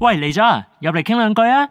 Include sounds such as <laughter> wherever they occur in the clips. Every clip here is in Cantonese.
喂，嚟咗啊，入嚟傾兩句啊！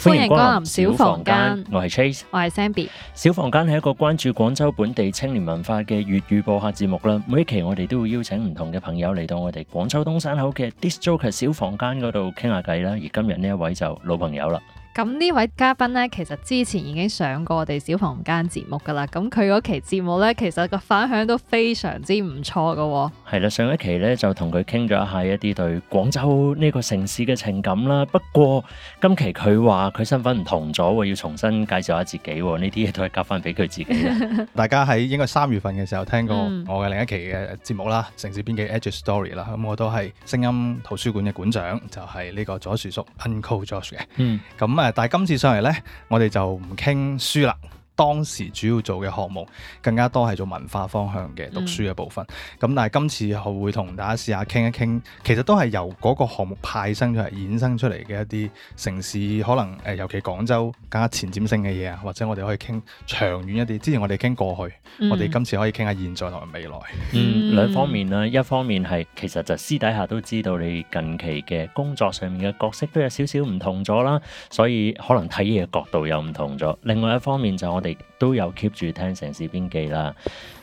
歡迎光臨小房間， <noise> 我係 Trace，我係 Zenbi。小房間係一個關注廣州本地青年文化嘅粵語播客節目啦。每一期我哋都會邀請唔同嘅朋友嚟到我哋廣州東山口嘅 Disc Joker 小房間嗰度傾下偈啦。而今日呢一位就老朋友啦。咁呢位嘉賓咧，其實之前已經上過我哋小房間節目噶啦，咁佢嗰期節目咧，其實個反響都非常之唔錯噶、哦。係啦，上一期咧就同佢傾咗一下一啲對廣州呢個城市嘅情感啦。不過今期佢話佢身份唔同咗，要重新介紹下自己。呢啲嘢都係交翻俾佢自己。 <laughs> 大家喺應該三月份嘅時候聽過我嘅另一期嘅節目啦，嗯《城市編輯 Edge Story》啦，咁我都係聲音圖書館嘅館長，就係、是、呢個左樹叔，叔 Uncle Josh 嘅。嗯，咁啊。但係今次上嚟咧，我哋就唔傾書啦。當時主要做嘅項目更加多係做文化方向嘅讀書嘅部分，咁、嗯、但係今次會同大家試下傾一傾，其實都係由嗰個項目派生出嚟、衍生出嚟嘅一啲城市，可能誒、呃、尤其廣州更加前瞻性嘅嘢啊，或者我哋可以傾長遠一啲。之前我哋傾過去，嗯、我哋今次可以傾下現在同埋未來。嗯，嗯兩方面啦、啊，一方面係其實就私底下都知道你近期嘅工作上面嘅角色都有少少唔同咗啦，所以可能睇嘢嘅角度又唔同咗。另外一方面就我哋。都有 keep 住聽城事邊記啦，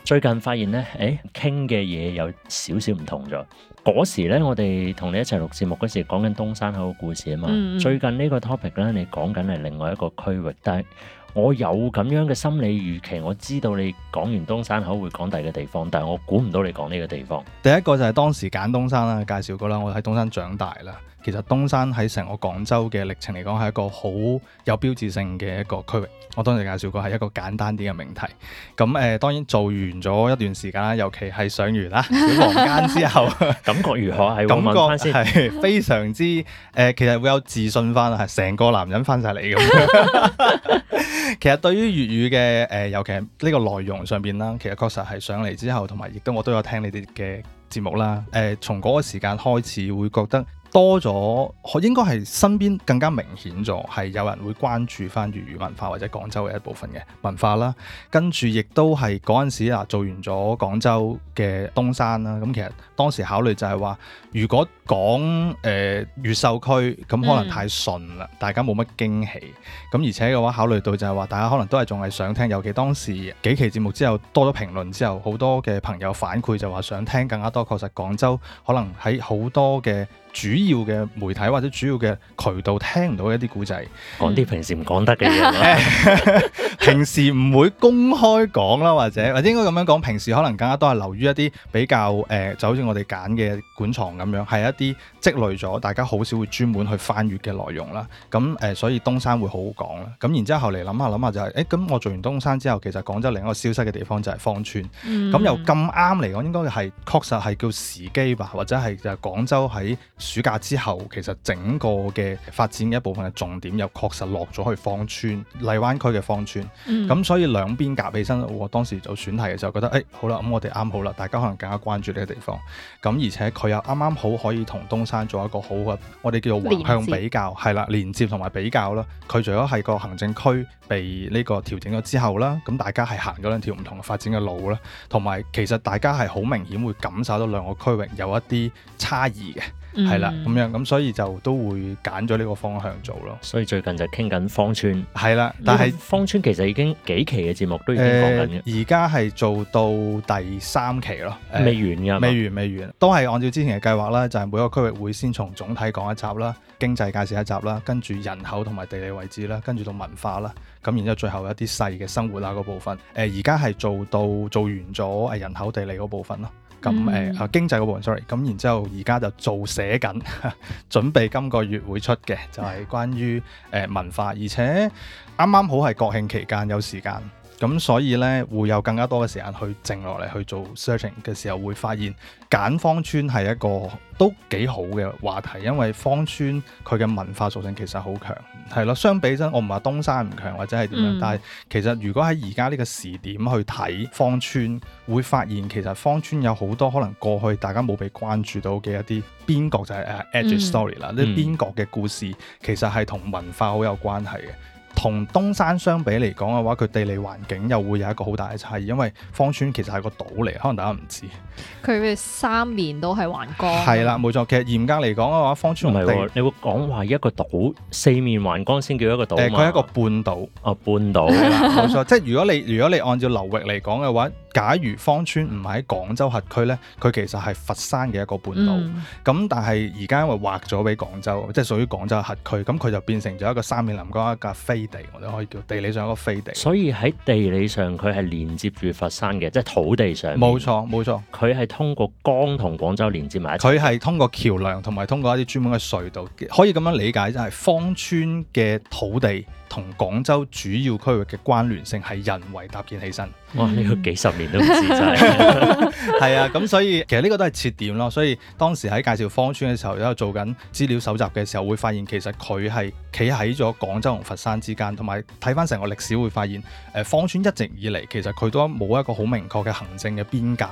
最近發現咧，誒，傾嘅嘢，有少少唔同咗。嗰時咧，我哋同你一齊錄節目嗰時，講緊東山口嘅故事啊嘛。嗯、最近呢個 topic 咧，你講緊係另外一個區域，但係我有咁樣嘅心理預期，我知道你講完東山口會講第二個地方，但係我估唔到你講呢個地方。第一個就係當時揀東山啦，介紹過啦，我喺東山長大啦。其實東山喺成個廣州嘅歷程嚟講，係一個好有標誌性嘅一個區域。我當時介紹過係一個簡單啲嘅命題。咁誒、呃，當然做完咗一段時間啦，尤其係上完啦小房間之後， <laughs> 感覺如何？ <laughs> 感覺係非常之誒、呃，其實會有自信翻啊，成個男人翻晒嚟咁。其實對於粵語嘅誒、呃，尤其係呢個內容上邊啦，其實確實係上嚟之後，同埋亦都我都有聽你哋嘅節目啦。誒、呃，從嗰個時間開始，會覺得。多咗，應該係身邊更加明顯咗，係有人會關注翻粵語文化或者廣州嘅一部分嘅文化啦。跟住亦都係嗰陣時啊、呃，做完咗廣州嘅東山啦。咁、啊、其實當時考慮就係話，如果講誒、呃、越秀區，咁可能太順啦，嗯、大家冇乜驚喜。咁、啊、而且嘅話考慮到就係話，大家可能都係仲係想聽，尤其當時幾期節目之後多咗評論之後，好多嘅朋友反饋就話想聽更加多。確實廣州可能喺好多嘅主要嘅媒體或者主要嘅渠道，聽唔到一啲古仔，講啲、嗯、平時唔講得嘅嘢 <laughs> <laughs> 平時唔會公開講啦，或者或者應該咁樣講，平時可能更加多係留於一啲比較誒、呃，就好似我哋揀嘅館藏咁樣，係一啲積累咗大家好少會專門去翻閲嘅內容啦。咁誒、呃，所以東山會好好講啦。咁然之後嚟諗下諗下就係、是，誒咁我做完東山之後，其實廣州另一個消失嘅地方就係芳村。咁又咁啱嚟講，應該係確實係叫時機吧，或者係就係廣州喺。暑假之後，其實整個嘅發展嘅一部分嘅重點又確實落咗去芳村、荔灣區嘅芳村。咁、嗯、所以兩邊夾起身，我當時做選題嘅時候，覺得誒、欸、好啦，咁我哋啱好啦，大家可能更加關注呢個地方。咁而且佢又啱啱好可以同東山做一個好嘅，我哋叫做「橫向比較」，係啦，連接，連接同埋比較啦。佢除咗係個行政區被呢個調整咗之後啦，咁大家係行咗兩條唔同嘅發展嘅路啦，同埋其實大家係好明顯會感受到兩個區域有一啲差異嘅。係啦，咁樣咁，所以就都會揀咗呢個方向做咯。所以最近就傾緊芳村。係啦，但係芳村其實已經幾期嘅節目都已經講緊，而家係做到第三期咯，呃、未完噶，未完未完，未完，未完，都係按照之前嘅計劃啦，就係、是、每個區域會先從總體講一集啦，經濟介紹一集啦，跟住人口同埋地理位置啦，跟住到文化啦，咁然之後最後一啲細嘅生活啊嗰部分。誒、呃，而家係做到做完咗人口地理嗰部分咯。咁誒、嗯、經濟嘅話，sorry，咁然之後而家就做寫緊， <laughs> 準備今個月會出嘅，就係、是、關於誒、呃、文化，而且啱啱好係國慶期間有時間。咁所以咧，會有更加多嘅時間去靜落嚟去做 searching 嘅時候，會發現揀芳村係一個都幾好嘅話題，因為芳村佢嘅文化屬性其實好強，係咯。相比真，我唔話東山唔強或者係點樣，嗯、但係其實如果喺而家呢個時點去睇芳村，會發現其實芳村有好多可能過去大家冇被關注到嘅一啲邊角，就係、是、edge story 啦，呢、嗯、邊角嘅故事其實係同文化好有關係嘅。同東山相比嚟講嘅話，佢地理環境又會有一個好大嘅差異，因為芳村其實係個島嚟，可能大家唔知。佢三面都係環江。係啦， <laughs> 冇錯。其實嚴格嚟講嘅話，芳村唔係、啊、你會講話一個島四面環江先叫一個島。佢佢、呃、一個半島啊，半島冇 <laughs> 錯。即係如果你如果你按照流域嚟講嘅話，假如芳村唔係喺廣州轄區呢，佢其實係佛山嘅一個半島。咁、嗯、但係而家因為劃咗俾廣州，即係屬於廣州轄區，咁佢就變成咗一個三面臨江一架飛。地我哋可以叫地理上一個飛地，所以喺地理上佢係連接住佛山嘅，即係土地上。冇錯冇錯，佢係通過江同廣州連接埋，佢係通過橋梁同埋通過一啲專門嘅隧道，可以咁樣理解，就係芳村嘅土地同廣州主要區域嘅關聯性係人為搭建起身。哇！呢、這個幾十年都唔知曬，係 <laughs> <laughs> 啊，咁所以其實呢個都係切點咯。所以當時喺介紹芳村嘅時候，喺度做緊資料搜集嘅時候，會發現其實佢係企喺咗廣州同佛山之間，同埋睇翻成個歷史會發現，誒、呃、芳村一直以嚟其實佢都冇一個好明確嘅行政嘅邊界，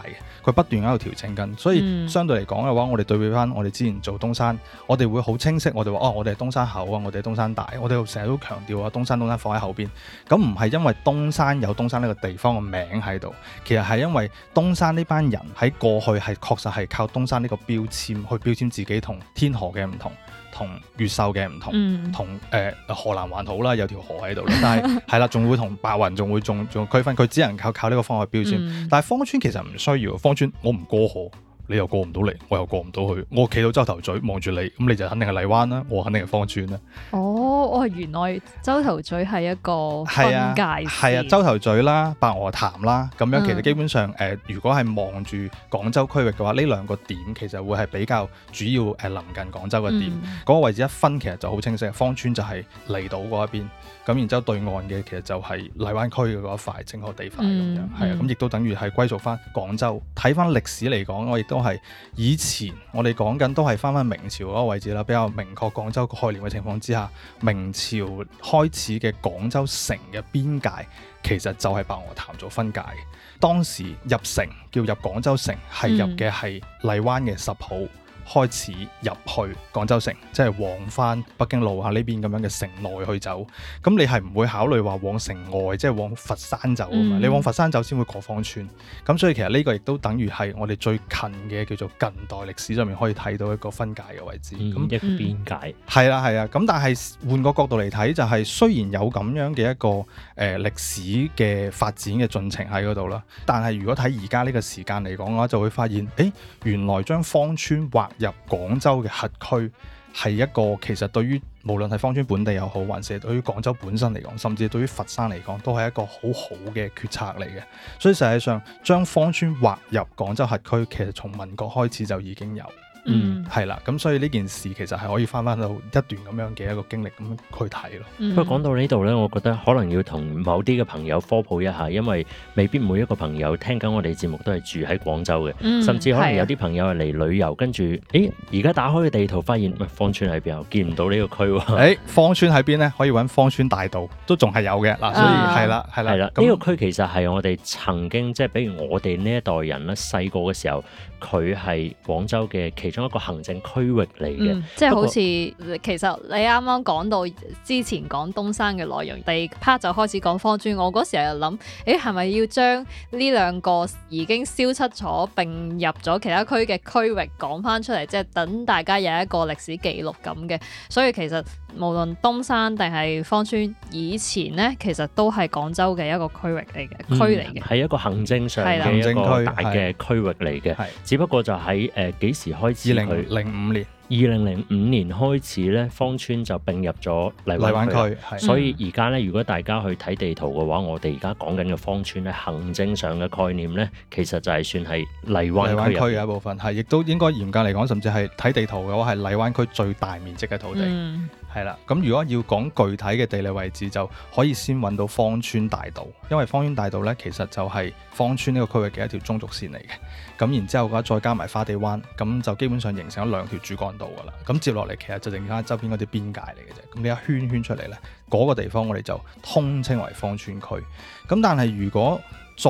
佢不斷喺度調整緊。所以相對嚟講嘅話，嗯、我哋對比翻我哋之前做東山，我哋會好清晰，我哋話哦，我哋係東山口啊，我哋係東山大，我哋成日都強調啊，東山東山放喺後邊。咁唔係因為東山有東山呢個地方。名喺度，其實係因為東山呢班人喺過去係確實係靠東山呢個標籤去標籤自己，同天河嘅唔同，同越秀嘅唔同，同誒、嗯呃、河南還好啦，有條河喺度，但係係啦，仲 <laughs> 會同白雲仲會仲仲區分，佢只能靠靠呢個方向去標籤，嗯、但係芳村其實唔需要，芳村我唔過河。你又過唔到嚟，我又過唔到去，我企到洲頭咀望住你，咁你就肯定係荔灣啦，我肯定係芳村啦。哦，我原來洲頭咀係一個分界線，係啊，洲頭咀啦、白鵝潭啦，咁樣其實基本上誒、嗯呃，如果係望住廣州區域嘅話，呢兩個點其實會係比較主要誒，臨、呃、近廣州嘅點。嗰、嗯、個位置一分其實就好清晰，芳村就係離島嗰一邊，咁然之後對岸嘅其實就係荔灣區嘅嗰一塊整個地塊咁樣，係、嗯嗯、啊，咁亦都等於係歸屬翻廣州。睇翻歷史嚟講，我亦都。係以前我哋講緊都係翻返明朝嗰個位置啦，比較明確廣州概念嘅情況之下，明朝開始嘅廣州城嘅邊界其實就係白鵝潭做分界，當時入城叫入廣州城係入嘅係荔灣嘅十甫。嗯開始入去廣州城，即係往翻北京路啊呢邊咁樣嘅城內去走，咁你係唔會考慮話往城外，即係往佛山走。嘛、嗯，你往佛山走先會過芳村，咁所以其實呢個亦都等於係我哋最近嘅叫做近代歷史上面可以睇到一個分界嘅位置，咁嘅邊界係啦係啦。咁但係換個角度嚟睇，就係、是、雖然有咁樣嘅一個誒、呃、歷史嘅發展嘅進程喺嗰度啦，但係如果睇而家呢個時間嚟講嘅話，就會發現誒、欸、原來將芳村劃入廣州嘅轄區係一個其實對於無論係芳村本地又好，還是對於廣州本身嚟講，甚至對於佛山嚟講，都係一個好好嘅決策嚟嘅。所以實際上，將芳村劃入廣州轄區，其實從民國開始就已經有。嗯，係啦，咁所以呢件事其實係可以翻翻到一段咁樣嘅一個經歷咁樣去睇咯。不過講到呢度呢，我覺得可能要同某啲嘅朋友科普一下，因為未必每一個朋友聽緊我哋節目都係住喺廣州嘅，甚至可能有啲朋友係嚟旅遊，跟住誒，而家打開個地圖發現，芳、啊、村喺邊啊，見唔到呢個區喎、啊。誒、哎，芳村喺邊咧？可以搵芳村大道，都仲係有嘅嗱、啊。所以係啦，係啦，係啦。呢個區其實係我哋曾經即係、就是，比如我哋呢一代人咧，細個嘅時候。佢係廣州嘅其中一個行政區域嚟嘅、嗯，即係好似過其實你啱啱講到之前講東山嘅內容，第二 part 就開始講芳村。我嗰時係諗，誒係咪要將呢兩個已經消失咗並入咗其他區嘅區域講返出嚟，即係等大家有一個歷史記錄咁嘅。所以其實無論東山定係芳村，以前呢其實都係廣州嘅一個區域嚟嘅區嚟嘅，係、嗯、一個行政上行政區大嘅區域嚟嘅。的只不過就喺誒幾時開始？二零零五年。二零零五年開始咧，芳村就併入咗荔荔灣區，所以而家咧，如果大家去睇地圖嘅話，嗯、我哋而家講緊嘅芳村咧，行政上嘅概念咧，其實就係算係荔灣區嘅一部分，係亦都應該嚴格嚟講，甚至係睇地圖嘅話，係荔灣區最大面積嘅土地。嗯係啦，咁如果要講具體嘅地理位置，就可以先揾到芳村大道，因為芳村大道呢，其實就係芳村呢個區域嘅一條中軸線嚟嘅，咁然之後嘅話再加埋花地灣，咁就基本上形成咗兩條主幹道噶啦，咁接落嚟其實就剩翻周邊嗰啲邊界嚟嘅啫，咁呢一圈一圈出嚟呢，嗰個地方我哋就通稱為芳村區，咁但係如果再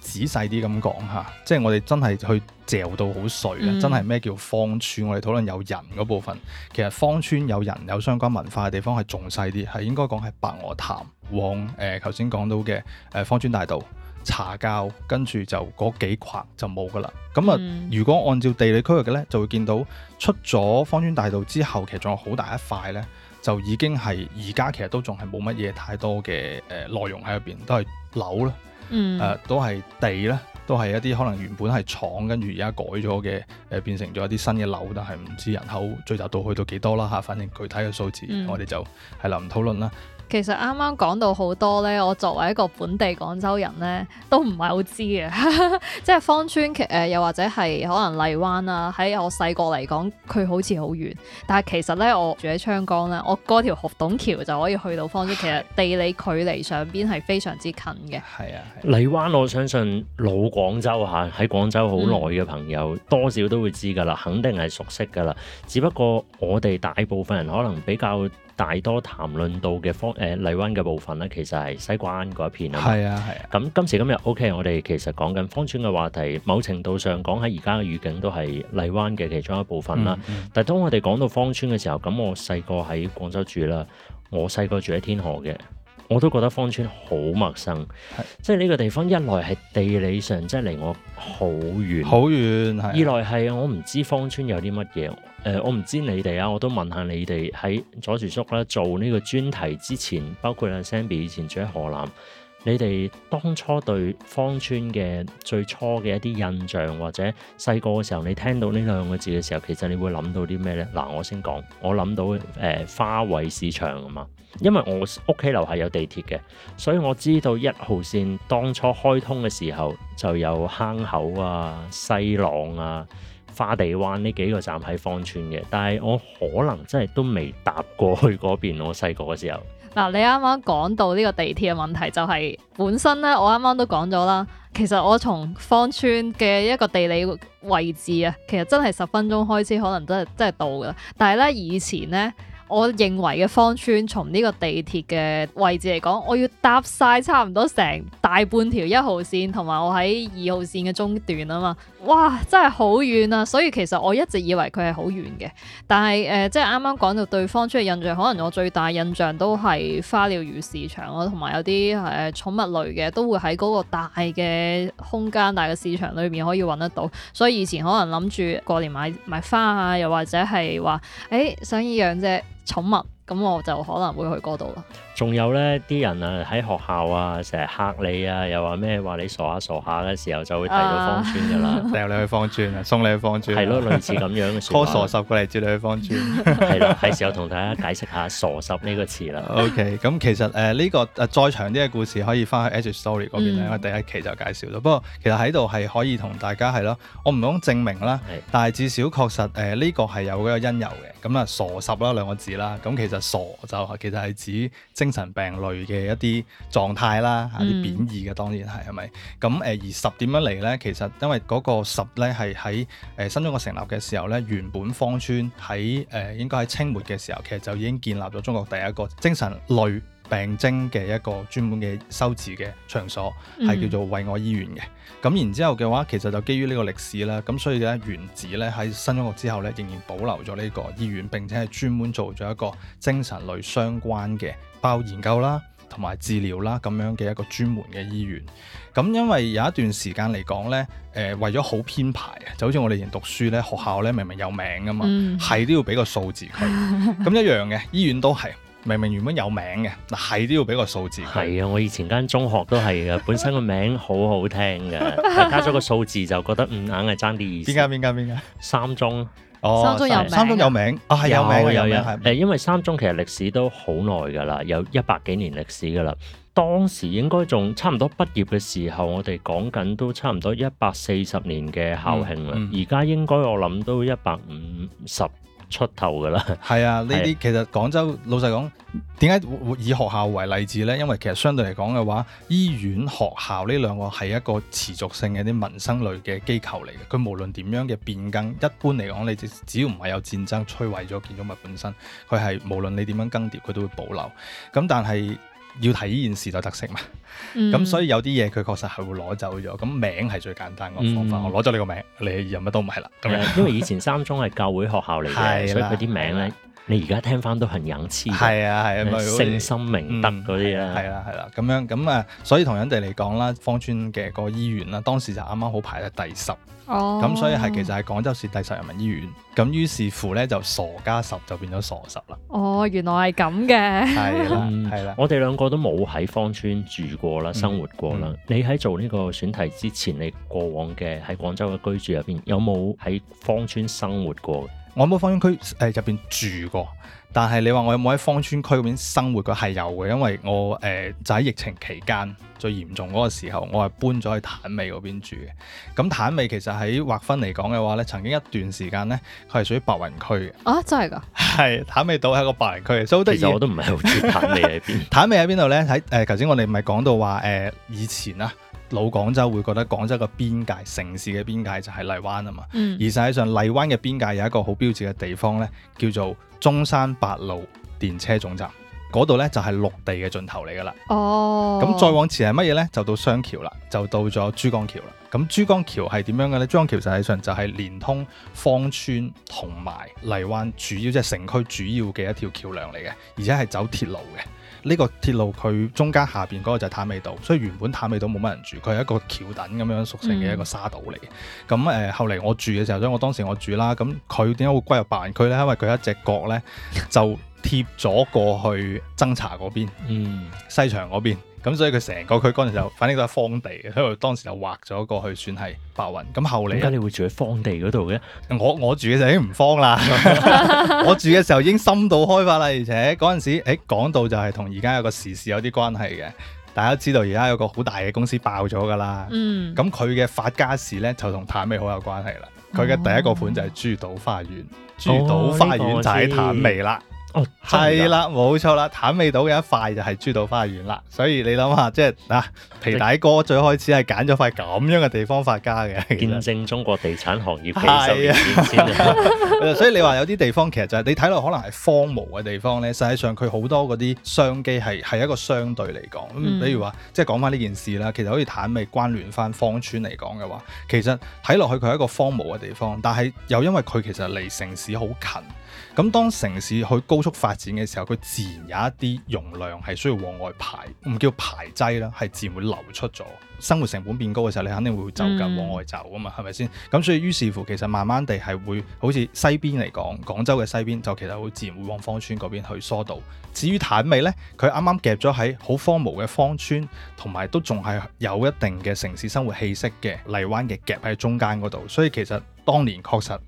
仔細啲咁講吓，即係我哋真係去嚼到好碎嘅，嗯、真係咩叫芳村？我哋討論有人嗰部分，其實芳村有人有相關文化嘅地方係仲細啲，係應該講係白鵝潭往誒頭先講到嘅誒、呃、芳村大道、茶滘跟住就嗰幾框就冇㗎啦。咁啊、嗯，如果按照地理區域嘅呢，就會見到出咗芳村大道之後，其實仲有好大一塊呢，就已經係而家其實都仲係冇乜嘢太多嘅誒內容喺入邊，都係樓啦。誒都係地咧，都係一啲可能原本係廠，跟住而家改咗嘅，誒、呃、變成咗一啲新嘅樓，但係唔知人口聚集到去到幾多啦嚇、啊。反正具體嘅數字，嗯、我哋就係啦，唔討論啦。其實啱啱講到好多呢。我作為一個本地廣州人呢，都唔係好知嘅， <laughs> 即係芳村，其、呃、又或者係可能荔灣啦、啊，喺我細個嚟講，佢好似好遠，但係其實呢，我住喺昌江呢，我嗰條鶴洞橋就可以去到芳村，其實地理距離上邊係非常之近嘅。係啊，啊荔灣我相信老廣州嚇喺廣州好耐嘅朋友、嗯、多少都會知㗎啦，肯定係熟悉㗎啦。只不過我哋大部分人可能比較。大多談論到嘅方誒荔、呃、灣嘅部分咧，其實係西關嗰一片啊。係啊，係啊、嗯。咁今時今日，OK，我哋其實講緊芳村嘅話題，某程度上講喺而家嘅語境都係荔灣嘅其中一部分啦。嗯嗯、但係當我哋講到芳村嘅時候，咁我細個喺廣州住啦，我細個住喺天河嘅。我都覺得芳村好陌生，是即係呢個地方一來係地理上真係離我好遠，好遠；二來係我唔知芳村有啲乜嘢。誒、呃，我唔知你哋啊，我都問下你哋喺左薯叔啦，做呢個專題之前，包括阿 Sammy 以前住喺河南。你哋當初對芳村嘅最初嘅一啲印象，或者細個嘅時候，你聽到呢兩個字嘅時候，其實你會諗到啲咩呢？嗱，我先講，我諗到誒、呃、花卉市場啊嘛，因為我屋企樓下有地鐵嘅，所以我知道一號線當初開通嘅時候就有坑口啊、西朗啊、花地灣呢幾個站喺芳村嘅，但係我可能真係都未搭過去嗰邊，我細個嘅時候。嗱、啊，你啱啱講到呢個地鐵嘅問題，就係、是、本身咧，我啱啱都講咗啦。其實我從芳村嘅一個地理位置啊，其實真係十分鐘開始，可能真係真係到噶。但係咧，以前咧。我認為嘅芳村從呢個地鐵嘅位置嚟講，我要搭晒差唔多成大半條一號線，同埋我喺二號線嘅中段啊嘛，哇！真係好遠啊！所以其實我一直以為佢係好遠嘅，但係誒、呃，即係啱啱講到對芳村嘅印象，可能我最大印象都係花鳥魚市場咯，同埋有啲誒、呃、寵物類嘅都會喺嗰個大嘅空間、大嘅市場裏面可以揾得到。所以以前可能諗住過年買買花啊，又或者係話誒想養隻寵物。咁我就可能會去嗰度啦。仲有咧，啲人啊喺學校啊，成日嚇你啊，又話咩話你傻下傻下嘅時候，就會睇到芳村噶啦，掉、啊、 <laughs> 你去芳村啊，送你去芳村，係咯，類似咁樣嘅。call <laughs> 傻十過嚟，接你去芳村。係 <laughs> 啦，係時候同大家解釋下傻十呢個詞啦。OK，咁其實誒呢、呃這個再長啲嘅故事可以翻去 Edge Story 嗰邊咧，嗯、因為第一期就介紹到。不過其實喺度係可以同大家係咯，我唔講證明啦，是但係至少確實誒呢、呃這個係有嗰個因由嘅。咁啊，傻十啦兩個字啦，咁其傻就係其實係指精神病類嘅一啲狀態啦，嚇啲貶義嘅當然係，係咪？咁誒而十點樣嚟呢，其實因為嗰個十呢係喺誒新中國成立嘅時候呢，原本芳村喺誒應該喺清末嘅時候，其實就已經建立咗中國第一個精神類病徵嘅一個專門嘅收治嘅場所係叫做惠愛醫院嘅，咁、嗯、然之後嘅話，其實就基於呢個歷史啦，咁所以咧，原址咧喺新中國之後咧，仍然保留咗呢個醫院，並且係專門做咗一個精神類相關嘅，包括研究啦、同埋治療啦咁樣嘅一個專門嘅醫院。咁因為有一段時間嚟講咧，誒、呃、為咗好編排，就好似我哋以前讀書咧，學校咧明明有名噶嘛，係、嗯、都要俾個數字佢，咁 <laughs> 一樣嘅醫院都係。明明原本有名嘅，嗱係都要俾個數字。係啊，我以前間中學都係噶， <laughs> 本身個名好好聽嘅，加咗個數字就覺得唔硬係爭啲意思。邊間邊間邊間？三中宗哦，三中有,有名，三、啊、中有名啊，係有,有,有,有名嘅，有名係。誒，因為三中其實歷史都好耐㗎啦，有一百幾年歷史㗎啦。當時應該仲差唔多畢業嘅時候，我哋講緊都差唔多一百四十年嘅校慶啦。而家、嗯嗯、應該我諗都一百五十。出頭噶啦，係啊！呢啲其實廣州、啊、老實講，點解會以學校為例子呢？因為其實相對嚟講嘅話，醫院、學校呢兩個係一個持續性嘅啲民生類嘅機構嚟嘅。佢無論點樣嘅變更，一般嚟講，你只只要唔係有戰爭摧毀咗建築物本身，佢係無論你點樣更迭，佢都會保留。咁但係要睇呢件事就特色嘛，咁、嗯、所以有啲嘢佢確實係會攞走咗，咁名係最簡單個方法，嗯、我攞咗你個名，你又乜都唔係啦。咁樣，因為以前三中係教會學校嚟嘅，的所以佢啲名咧。你而家聽翻都係隱刺，係啊，係啊，聖心明燈嗰啲啊，係啦、啊，係啦、啊，咁樣咁啊，所以同人哋嚟講啦，芳村嘅個醫院啦，當時就啱啱好排喺第十，哦，咁所以係其實係廣州市第十人民醫院，咁於是乎呢，就傻加十就變咗傻十啦。哦，原來係咁嘅，係啦、啊，係啦、啊，啊、 <laughs> 我哋兩個都冇喺芳村住過啦，生活過啦。嗯嗯、你喺做呢個選題之前，你過往嘅喺廣州嘅居住入邊，有冇喺芳村生活過？我冇喺芳村區誒入邊住過，但係你話我有冇喺芳村區嗰邊生活過係有嘅，因為我誒、呃、就喺疫情期間最嚴重嗰個時候，我係搬咗去坦尾嗰邊住嘅。咁坦尾其實喺劃分嚟講嘅話咧，曾經一段時間咧，佢係屬於白雲區嘅。啊，真係㗎！係坦尾島係個白雲區，所以其實我都唔係好知坦尾喺邊。 <laughs> 坦尾喺邊度咧？喺誒，頭、呃、先我哋咪講到話誒、呃，以前啦、啊。老廣州會覺得廣州嘅邊界，城市嘅邊界就係荔灣啊嘛。嗯、而實際上，荔灣嘅邊界有一個好標誌嘅地方呢叫做中山八路電車總站。嗰度呢，就係、是、陸地嘅盡頭嚟㗎啦。哦。咁再往前係乜嘢呢？就到雙橋啦，就到咗珠江橋啦。咁珠江橋係點樣嘅呢？珠江橋實際上就係連通芳村同埋荔灣，主要即係、就是、城區主要嘅一條橋梁嚟嘅，而且係走鐵路嘅。呢個鐵路佢中間下邊嗰個就係坦尾島，所以原本坦尾島冇乜人住，佢係一個橋墩咁樣屬性嘅一個沙島嚟。咁誒、嗯呃、後嚟我住嘅時候，所以我當時我住啦。咁佢點解會歸入白雲區咧？因為佢一隻角咧就貼咗過去增槎嗰邊，嗯、西場嗰邊。咁所以佢成個區嗰陣就反正都係荒地，佢當時就劃咗過去算係白雲。咁後嚟點解你會住喺荒地嗰度嘅？我我住嘅時候已經唔荒啦， <laughs> <laughs> <laughs> 我住嘅時候已經深度開發啦。而且嗰陣時，誒講到就係同而家有個時事有啲關係嘅。大家知道而家有個好大嘅公司爆咗㗎啦。咁佢嘅發家史呢，就同坦尾好有關係啦。佢嘅、嗯、第一個盤就係珠島花園，哦、珠島花園就喺坦尾啦。係啦，冇錯啦，坦尾島嘅一塊就係珠島花園啦，所以你諗下，即係嗱皮帶哥最開始係揀咗塊咁樣嘅地方發家嘅，見證中國地產行業嘅收錢。所以你話有啲地方其實就係你睇落可能係荒蕪嘅地方呢，實際上佢好多嗰啲商機係係一個相對嚟講，嗯、比如話即係講翻呢件事啦，其實好似坦尾關聯翻芳村嚟講嘅話，其實睇落去佢係一個荒蕪嘅地方，但係又因為佢其實離城市好近。咁當城市去高速發展嘅時候，佢自然有一啲容量係需要往外排，唔叫排擠啦，係自然會流出咗。生活成本變高嘅時候，你肯定會走近往外走啊嘛，係咪先？咁所以於是乎，其實慢慢地係會好似西邊嚟講，廣州嘅西邊就其實會自然會往芳村嗰邊去疏導。至於坦尾呢，佢啱啱夾咗喺好荒蕪嘅芳村，同埋都仲係有一定嘅城市生活氣息嘅荔灣嘅夾喺中間嗰度，所以其實當年確實。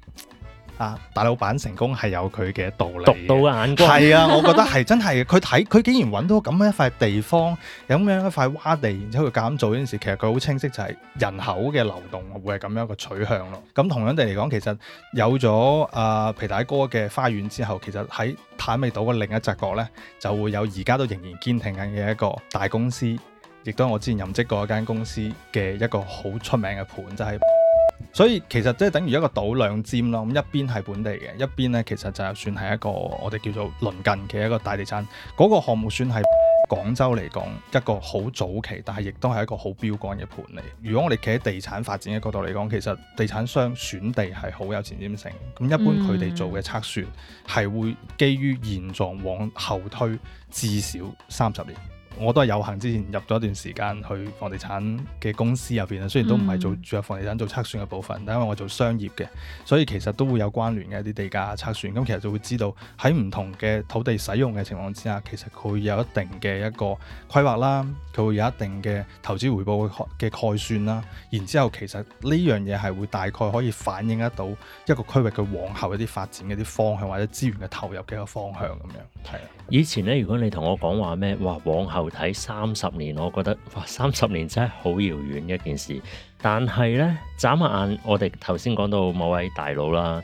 啊，大老闆成功係有佢嘅道理，獨到眼光係啊！我覺得係真係佢睇佢竟然揾到咁樣一塊地方，咁 <laughs> 樣一塊窪地，然之後佢咁做嗰陣時，其實佢好清晰就係人口嘅流動會係咁樣一個取向咯。咁同樣地嚟講，其實有咗啊、呃、皮大哥嘅花園之後，其實喺坦尾島嘅另一隻角呢，就會有而家都仍然堅挺緊嘅一個大公司，亦都係我之前任職過一間公司嘅一個好出名嘅盤，就係、是。所以其實即係等於一個島兩尖咯，咁一邊係本地嘅，一邊呢其實就算係一個我哋叫做鄰近嘅一個大地產嗰個項目，算係廣州嚟講一個好早期，但係亦都係一個好標杆嘅盤嚟。如果我哋企喺地產發展嘅角度嚟講，其實地產商選地係好有前瞻性。咁一般佢哋做嘅測算係會基於現狀往後推至少三十年。我都係有幸之前入咗一段時間去房地產嘅公司入邊啊，雖然都唔係做住入房地產做測算嘅部分，但因為我做商業嘅，所以其實都會有關聯嘅一啲地價測算。咁其實就會知道喺唔同嘅土地使用嘅情況之下，其實佢有一定嘅一個規劃啦。佢會有一定嘅投資回報嘅概算啦，然之後其實呢樣嘢係會大概可以反映得到一個區域嘅往後一啲發展嘅啲方向或者資源嘅投入嘅一個方向咁樣。係啊，以前咧如果你同我講話咩，哇，往後睇三十年，我覺得哇，三十年真係好遙遠嘅一件事。但係呢，眨下眼，我哋頭先講到某位大佬啦。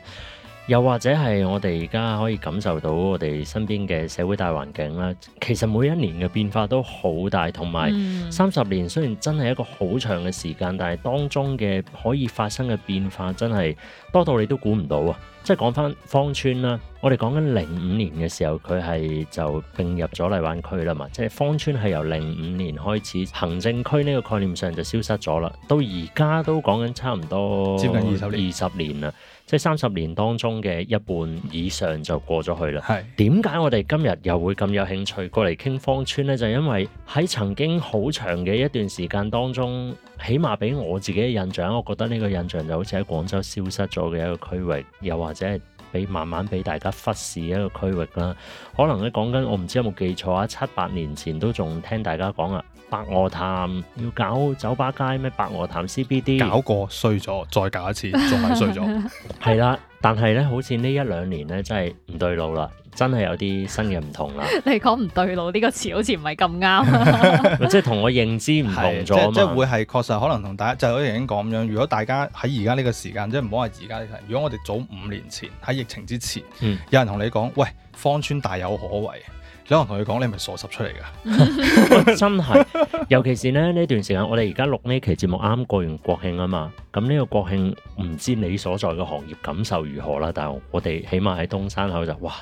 又或者係我哋而家可以感受到我哋身邊嘅社會大環境啦，其實每一年嘅變化都好大，同埋三十年雖然真係一個好長嘅時間，但係當中嘅可以發生嘅變化真係多到你都估唔到啊！即係講返芳村啦，我哋講緊零五年嘅時候，佢係就並入咗荔灣區啦嘛，即係芳村係由零五年開始行政區呢個概念上就消失咗啦，到而家都講緊差唔多接近二十年，二十年啦。即三十年當中嘅一半以上就過咗去啦。係點解我哋今日又會咁有興趣過嚟傾芳村呢？就是、因為喺曾經好長嘅一段時間當中，起碼俾我自己嘅印象，我覺得呢個印象就好似喺廣州消失咗嘅一個區域，又或者係慢慢俾大家忽視嘅一個區域啦。可能咧講緊，我唔知有冇記錯啊，七八年前都仲聽大家講啊。白鵝潭要搞酒吧街咩？白鵝潭 CBD 搞過衰咗，再搞一次仲係衰咗，係啦。 <laughs> 但係咧，好似呢一兩年咧，真係唔對路啦，真係有啲新嘅唔同啦。你講唔對路呢個詞好似唔係咁啱， <laughs> 即係同我認知唔同咗。即係會係確實可能同大家就好似已經講咁樣。如果大家喺而家呢個時間，即係唔好話而家呢個時間。如果我哋早五年前喺疫情之前，嗯、有人同你講：喂，芳村大有可為。有人同佢講你咪傻濕出嚟噶、 <laughs> <laughs> 啊，真係，尤其是呢呢段時間，我哋而家錄呢期節目啱啱過完國慶啊嘛，咁、嗯、呢、呢個國慶唔知你所在嘅行業感受如何啦，但係我哋起碼喺東山口就哇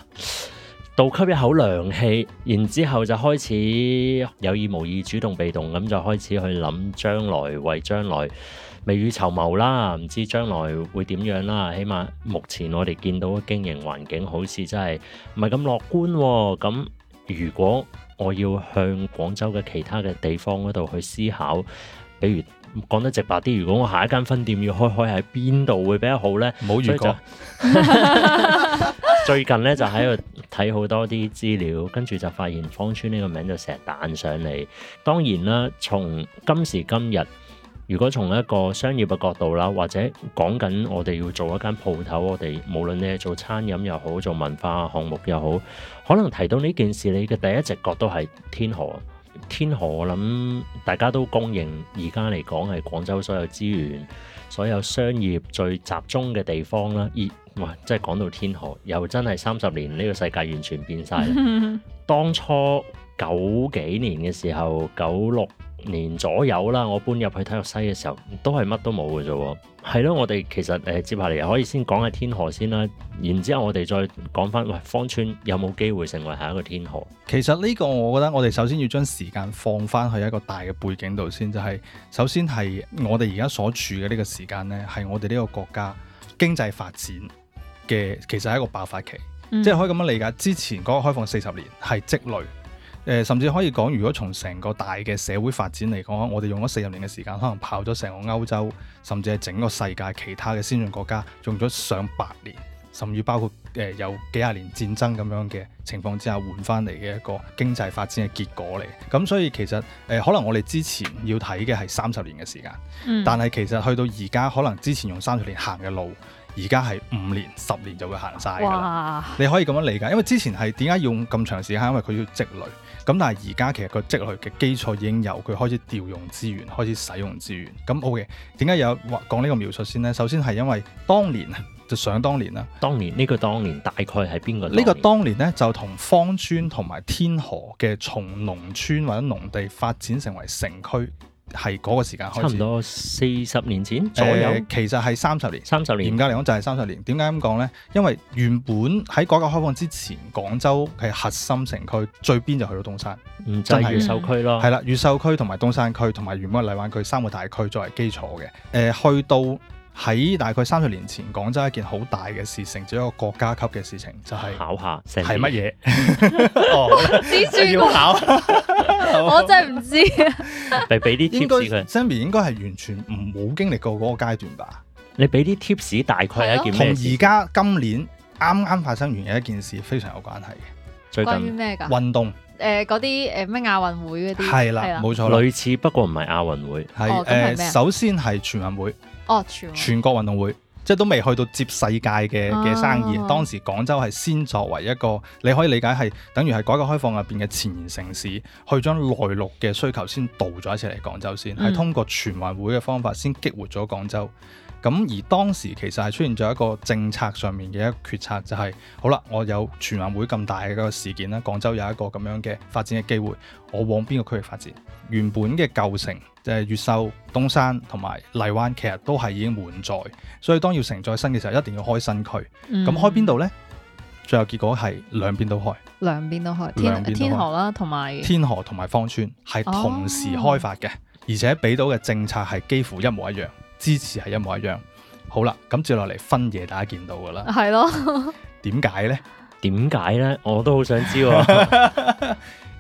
倒吸一口涼氣，然之後就開始有意無意主動被動咁就開始去諗將來為將來未雨綢繆啦，唔知將來會點樣啦，起碼目前我哋見到嘅經營環境好似真係唔係咁樂觀咁、啊。如果我要向廣州嘅其他嘅地方嗰度去思考，比如講得直白啲，如果我下一間分店要開開喺邊度會比較好咧？冇如果。最近咧就喺度睇好多啲資料，跟住就發現芳村呢個名就成日彈上嚟。當然啦，從今時今日，如果從一個商業嘅角度啦，或者講緊我哋要做一間鋪頭，我哋無論你係做餐飲又好，做文化項目又好。可能提到呢件事，你嘅第一直覺都係天河。天河我諗大家都公認，而家嚟講，係廣州所有資源、所有商業最集中嘅地方啦。而哇，即係講到天河，又真係三十年呢個世界完全變晒啦。 <laughs> 當初九幾年嘅時候，九六。年左右啦，我搬入去體育西嘅時候，都係乜都冇嘅啫。係咯，我哋其實誒、呃，接下嚟可以先講下天河先啦，然之後我哋再講翻，喂，芳村有冇機會成為下一個天河？其實呢個我覺得，我哋首先要將時間放翻去一個大嘅背景度先，就係、是、首先係我哋而家所處嘅呢個時間呢係我哋呢個國家經濟發展嘅，其實係一個爆發期，嗯、即係可以咁樣理解。之前嗰個開放四十年係積累。誒，甚至可以講，如果從成個大嘅社會發展嚟講，我哋用咗四十年嘅時間，可能跑咗成個歐洲，甚至係整個世界其他嘅先進國家用咗上百年，甚至包括誒、呃、有幾廿年戰爭咁樣嘅情況之下換翻嚟嘅一個經濟發展嘅結果嚟。咁所以其實誒、呃，可能我哋之前要睇嘅係三十年嘅時間，嗯、但係其實去到而家，可能之前用三十年行嘅路。而家係五年、十年就會行晒噶啦，哇你可以咁樣理解，因為之前係點解要用咁長時間，因為佢要積累。咁但係而家其實個積累嘅基礎已經由佢開始調用資源，開始使用資源。咁 OK，點解有話講呢個描述先呢？首先係因為當年就想當年啦。當年呢、呢個當年大概係邊個？呢個當年呢，就同芳村同埋天河嘅從農村或者農地發展成為城區。係嗰個時間開始，差唔多四十年前左右。呃、其實係三十年，三十年嚴格嚟講就係三十年。點解咁講呢？因為原本喺改革開放之前，廣州係核心城區，最邊就去到東山，唔就係越秀區咯。係啦的，越、嗯、秀區同埋東山區同埋原本荔灣區三個大區作為基礎嘅，誒、呃、去到。喺大概三十年前，廣州一件好大嘅事，成咗一個國家級嘅事情，就係考下係乜嘢？哦，只需要考，我真係唔知。你俾啲 tips 佢。Sammy 應該係完全唔冇經歷過嗰個階段吧？你俾啲 tips 大概一件咩事？同而家今年啱啱發生完嘅一件事非常有關係嘅。關於咩噶運動？誒嗰啲誒咩亞運會啲係啦，冇錯，類似，不過唔係亞運會，係誒。首先係全運會。全國運動會，即係都未去到接世界嘅嘅生意，啊、當時廣州係先作為一個，你可以理解係等於係改革開放入邊嘅前沿城市，去將內陸嘅需求先導咗一次嚟廣州先，係、嗯、通過全運會嘅方法先激活咗廣州。咁而當時其實係出現咗一個政策上面嘅一個決策，就是，就係好啦，我有全運會咁大嘅個事件啦，廣州有一個咁樣嘅發展嘅機會，我往邊個區域發展？原本嘅舊城就係，是、越秀、東山同埋荔灣，其實都係已經滿載，所以當要承載新嘅時候，一定要開新區。咁、嗯、開邊度呢？最後結果係兩邊都開，兩邊都開，天，都開天河啦，同埋天河同埋芳村係同時開發嘅，哦、而且俾到嘅政策係幾乎一模一樣。支持係一模一樣。好啦，咁接落嚟分野，大家見到㗎啦。係咯，點解呢？點解呢？我都好想知喎、啊。 <laughs>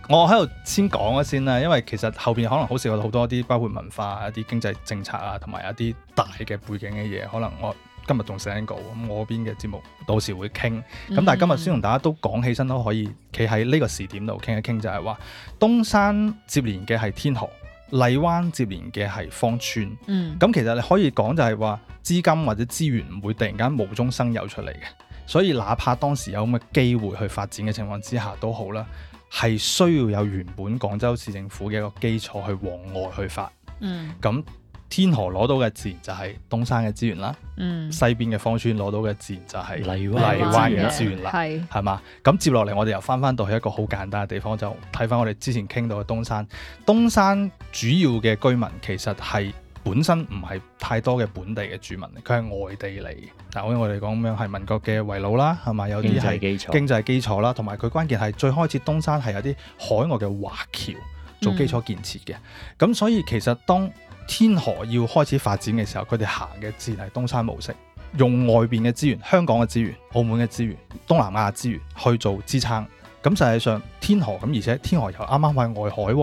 我喺度先講咗先啦，因為其實後邊可能好少有好多啲包括文化一啲經濟政策啊，同埋一啲大嘅背景嘅嘢，可能我今日仲寫緊稿，咁我邊嘅節目到時會傾。咁、嗯、但係今日先同大家都講起身都可以企喺呢個時點度傾一傾，就係、是、話東山接連嘅係天河。荔灣接連嘅係芳村，咁、嗯、其實你可以講就係話資金或者資源唔會突然間無中生有出嚟嘅，所以哪怕當時有咁嘅機會去發展嘅情況之下都好啦，係需要有原本廣州市政府嘅一個基礎去往外去發，咁、嗯。天河攞到嘅自然就係東山嘅資源啦，嗯、西邊嘅芳村攞到嘅自然就係荔灣嘅資源啦，係係嘛？咁吧是接落嚟，我哋又翻翻到去一個好簡單嘅地方，就睇翻我哋之前傾到嘅東山。東山主要嘅居民其實係本身唔係太多嘅本地嘅住民，佢係外地嚟。但好似我哋講咁樣，係民國嘅圍佬啦，係咪？有啲係經濟基礎啦，同埋佢關鍵係最開始東山係有啲海外嘅華僑做基礎建設嘅，咁、嗯、所以其實當天河要開始發展嘅時候，佢哋行嘅自然係東山模式，用外邊嘅資源、香港嘅資源、澳門嘅資源、東南亞嘅資源去做支撐。咁實際上天河咁，而且天河又啱啱係外海，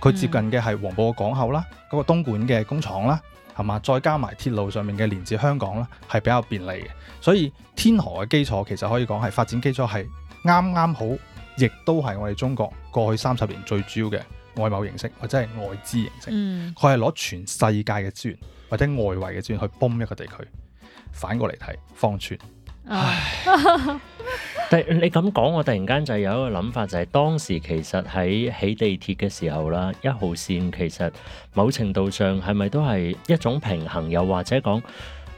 佢接近嘅係黃埔嘅港口啦，嗰、嗯、個東莞嘅工廠啦，係嘛？再加埋鐵路上面嘅連接香港啦，係比較便利嘅。所以天河嘅基礎其實可以講係發展基礎係啱啱好，亦都係我哋中國過去三十年最主要嘅。外貿形式或者係外資形式，佢係攞全世界嘅資源或者外圍嘅資源去泵一個地區。反過嚟睇，芳村。Oh. 唉，但 <laughs> <laughs> 你咁講，我突然間就有一個諗法，就係、是、當時其實喺起地鐵嘅時候啦，一號線其實某程度上係咪都係一種平衡，又或者講？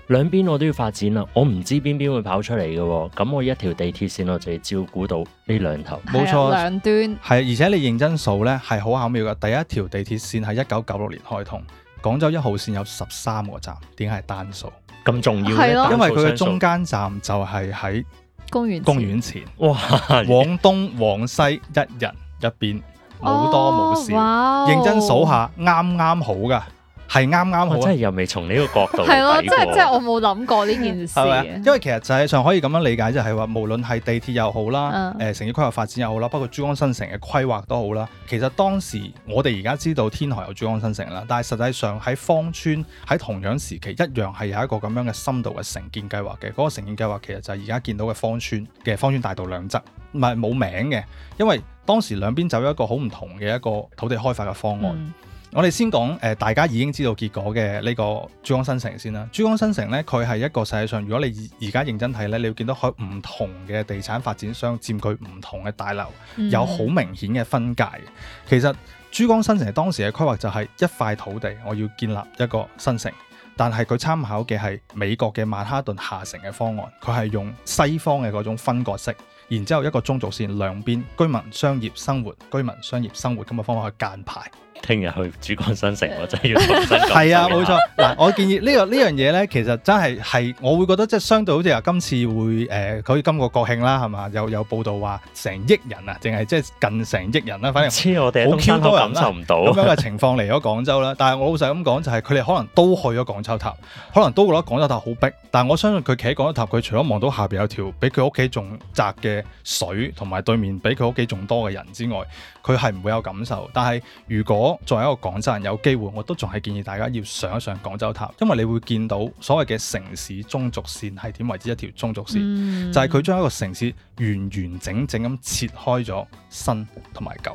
兩邊我都要發展啦，我唔知邊邊會跑出嚟嘅，哦，咁我一條地鐵線我就要照顧到呢兩頭，冇錯，兩端係，而且你認真數呢，係好巧妙噶。第一條地鐵線係一九九六年開通，廣州一號線有十三個站，點解係單數咁重要咧？數數因為佢嘅中間站就係喺公園公園前，哇 <laughs> <laughs> 往！往東往西一人一邊，冇多冇少，哦，認真數下啱啱好噶。係啱啱，剛剛真係又未從呢個角度睇過。係咯，即係即係我冇諗過呢件事。因為其實實際上可以咁樣理解就，就係話無論係地鐵又好啦，誒城市規劃發展又好啦，包括珠江新城嘅規劃都好啦。其實當時我哋而家知道天河有珠江新城啦，但係實際上喺芳村喺同樣時期一樣係有一個咁樣嘅深度嘅城建計劃嘅。嗰、那個城建計劃其實就係而家見到嘅芳村嘅芳村大道兩側，唔係冇名嘅，因為當時兩邊就有一個好唔同嘅一個土地開發嘅方案。嗯我哋先講誒、呃，大家已經知道結果嘅呢個珠江新城先啦。珠江新城呢，佢係一個世界上，如果你而家認真睇呢，你會見到佢唔同嘅地產發展商佔據唔同嘅大樓，有好明顯嘅分界。嗯、其實珠江新城當時嘅規劃就係一塊土地，我要建立一個新城，但係佢參考嘅係美國嘅曼哈頓下城嘅方案，佢係用西方嘅嗰種分割式，然之後一個中軸線兩邊居民、商業、生活、居民、商業、生活咁嘅方法去間排。聽日去珠江新城，我真係要。係啊，冇錯。嗱，我建議、這個這個這個、呢個呢樣嘢咧，其實真係係，我會覺得即係相對好似話今次會誒，佢今個國慶啦，係嘛？又有，有報道話成億人啊，淨係即係近成億人啦，反正好 Q 多人啦，感受唔到咁樣嘅情況嚟咗廣州啦。 <laughs> 但係我老實咁講，就係佢哋可能都去咗廣州塔，可能都覺得廣州塔好逼。但係我相信佢企喺廣州塔，佢除咗望到下邊有條比佢屋企仲窄嘅水，同埋對面比佢屋企仲多嘅人之外。佢係唔會有感受，但係如果作為一個廣州人有機會，我都仲係建議大家要上一上廣州塔，因為你會見到所謂嘅城市中軸線係點為之一條中軸線，嗯、就係佢將一個城市完完整整咁切開咗新同埋舊。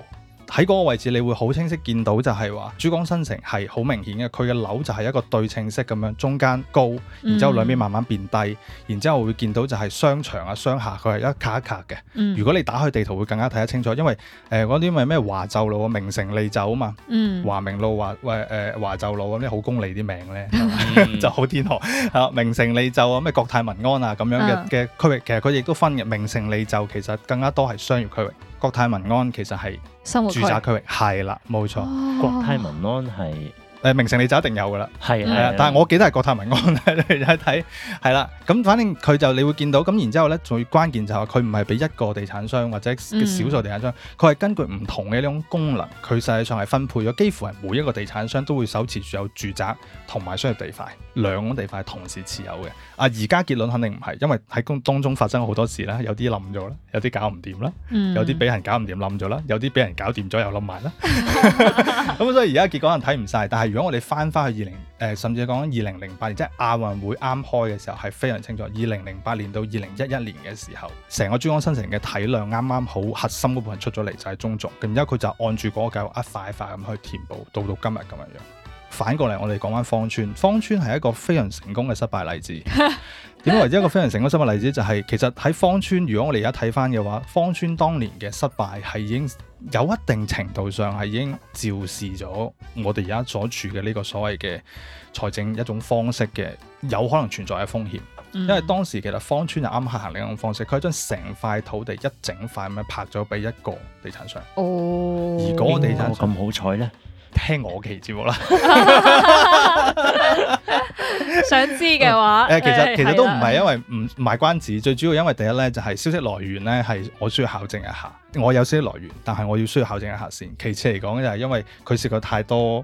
喺嗰個位置，你會好清晰見到就係話珠江新城係好明顯嘅，佢嘅樓就係一個對稱式咁樣，中間高，然之後兩邊慢慢變低，嗯、然之後會見到就係商場啊、商客佢係一卡一卡嘅。嗯、如果你打開地圖會更加睇得清楚，因為誒嗰啲咪咩華就路啊、名城利就啊嘛，華、嗯、明路、華呃、華誒誒華就路咁天、 <laughs> 啊、樣好功利啲名咧，就好天河啊、名城利就啊、咩國泰民安啊咁樣嘅嘅區域，其實佢亦都分嘅。名城利就。其實更加多係商業區域。國泰民安其實係住宅區域，係啦，冇錯，哦、國泰民安係。明名城你就一定有噶啦，係啊，但係我記得係國泰民安睇一睇係啦，咁反正佢就你會見到咁，然之後咧最關鍵就係佢唔係俾一個地產商或者少數地產商，佢係根據唔同嘅呢種功能，佢實際上係分配咗，幾乎係每一個地產商都會手持住有住宅同埋商業地塊兩種地塊同時持有嘅。啊，而家結論肯定唔係，因為喺公當中發生好多事啦，有啲冧咗啦，有啲搞唔掂啦，有啲俾人搞唔掂冧咗啦，有啲俾人搞掂咗又冧埋啦。咁所以而家結果可能睇唔晒。但係。如果我哋翻翻去二零、呃，誒甚至係講緊二零零八年，即係亞運會啱開嘅時候，係非常清楚。二零零八年到二零一一年嘅時候，成個珠江新城嘅體量啱啱好核心嗰部分出咗嚟，就係中軸，咁然之後佢就按住嗰個計劃一塊一塊咁去填補，到到今日咁嘅樣。反過嚟，我哋講翻芳村，芳村係一個非常成功嘅失敗例子。點解為之一個非常成功失敗例子，就是？就係其實喺芳村，如果我哋而家睇翻嘅話，芳村當年嘅失敗係已經有一定程度上係已經昭示咗我哋而家所處嘅呢個所謂嘅財政一種方式嘅有可能存在嘅風險。嗯、因為當時其實芳村就啱行另一種方式，佢係將成塊土地一整塊咁樣拍咗俾一個地產商。哦，如果個地產咁好彩呢。嗯哦哦聽我期節目啦， <laughs> 想知嘅話，誒、嗯呃，其實其實都唔係因為唔賣關子，嗯、最主要因為第一呢就係、是、消息來源呢係我需要考證一下，我有消息來源，但係我要需要考證一下先。其次嚟講就係因為佢試過太多。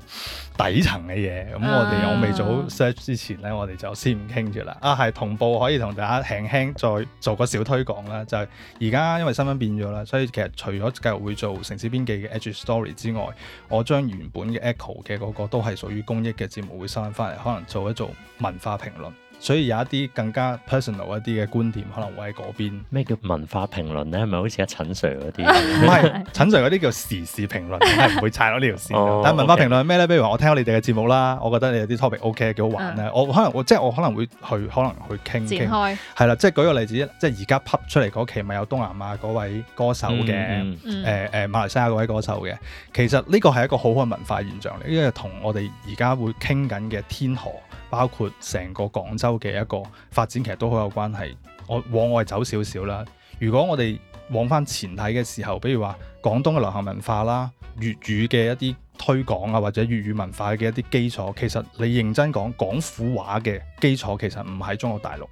底層嘅嘢，咁、嗯嗯、我哋我未做好 search 之前呢，啊、我哋就先唔傾住啦。啊，係同步可以同大家輕輕再做個小推廣啦。就係而家因為新聞變咗啦，所以其實除咗繼續會做城事邊記嘅 Edge Story 之外，我將原本嘅 Echo 嘅嗰個都係屬於公益嘅節目會收翻嚟，可能做一做文化評論。所以有一啲更加 personal 一啲嘅觀點可能會喺邊。咩叫文化評論咧？係咪好似阿陳 Sir 嗰啲？唔係陳 Sir 嗰啲叫時事評論，係唔 <laughs> 會踩到呢條線，哦、但係文化評論咩咧？譬、哦 okay、如話我聽到你哋嘅節目啦，我覺得你有啲 topic O K，幾好玩咧。嗯、我可能我即係我可能會去，可能會去傾傾係啦，即係開舉個例子，即係而家 pub 出嚟嗰期咪有東南亞嗰位歌手嘅，誒誒、嗯嗯嗯呃、馬來西亞嗰位歌手嘅。其實呢個係一個好好嘅文化現象嚟，因為同我哋而家會傾緊嘅天河，包括成個廣州，嘅一個發展其實都好有關係，我往外走少少啦。如果我哋往翻前睇嘅時候，比如話廣東嘅流行文化啦，粵語嘅一啲推廣啊，或者粵語文化嘅一啲基礎，其實你認真講廣府話嘅基礎其實唔喺中國大陸，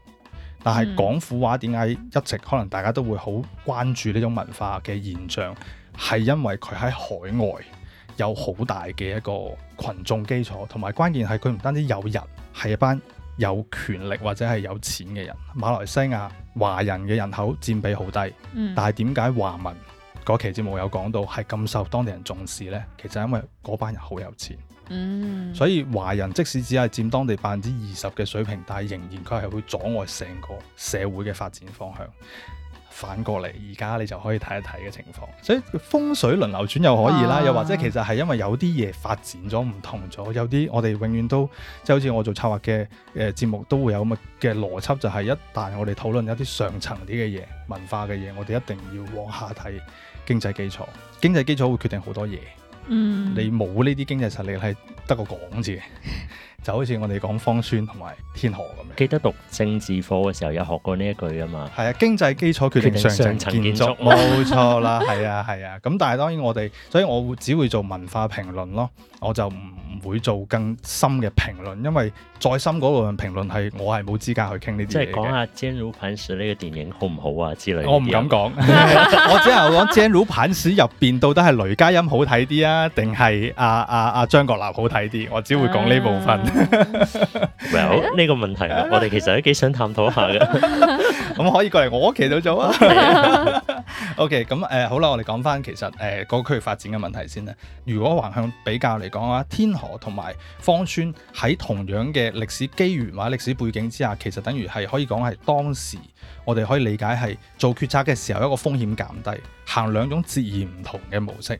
但係廣府話點解一直可能大家都會好關注呢種文化嘅現象，係、嗯、因為佢喺海外有好大嘅一個群眾基礎，同埋關鍵係佢唔單止有人係一班。有權力或者係有錢嘅人，馬來西亞華人嘅人口佔比好低，嗯、但係點解華文嗰期節目有講到係咁受當地人重視呢？其實因為嗰班人好有錢，嗯、所以華人即使只係佔當地百分之二十嘅水平，但係仍然佢係會阻礙成個社會嘅發展方向。反過嚟，而家你就可以睇一睇嘅情況，所以風水輪流轉又可以啦，啊、又或者其實係因為有啲嘢發展咗唔同咗，有啲我哋永遠都即係、就是、好似我做策劃嘅誒、呃、節目都會有咁嘅邏輯，就係、是、一旦我哋討論一啲上層啲嘅嘢、文化嘅嘢，我哋一定要往下睇經濟基礎，經濟基礎會決定好多嘢。嗯，你冇呢啲經濟實力係得個講字 <laughs> 就好似我哋講芳村同埋天河咁樣，記得讀政治課嘅時候有學過呢一句啊嘛。係啊，經濟基礎決定上層建築，冇錯啦。係 <laughs> 啊，係啊。咁、啊、但係當然我哋，所以我會只會做文化評論咯，我就唔。唔會做更深嘅評論，因為再深嗰部分評論係我係冇資格去傾呢啲嘢。即係講下《堅如磐石》呢個電影好唔好啊之類。我唔敢講， <laughs> <laughs> 我只係講《堅如磐石》入邊到底係雷佳音好睇啲啊，定係阿阿阿張國立好睇啲？我只會講呢部分。呢、 <laughs> well, 個問題啊， <laughs> 我哋其實都幾想探討一下嘅。咁 <laughs> <laughs> 可以過嚟我屋企度做啊。 <laughs> OK，咁誒、呃、好啦，我哋講翻其實誒個、呃呃、區域發展嘅問題先啦。如果橫向比較嚟講啊，天。同埋，芳村喺同樣嘅歷史機緣或者歷史背景之下，其實等於係可以講係當時我哋可以理解係做決策嘅時候一個風險減低，行兩種截然唔同嘅模式。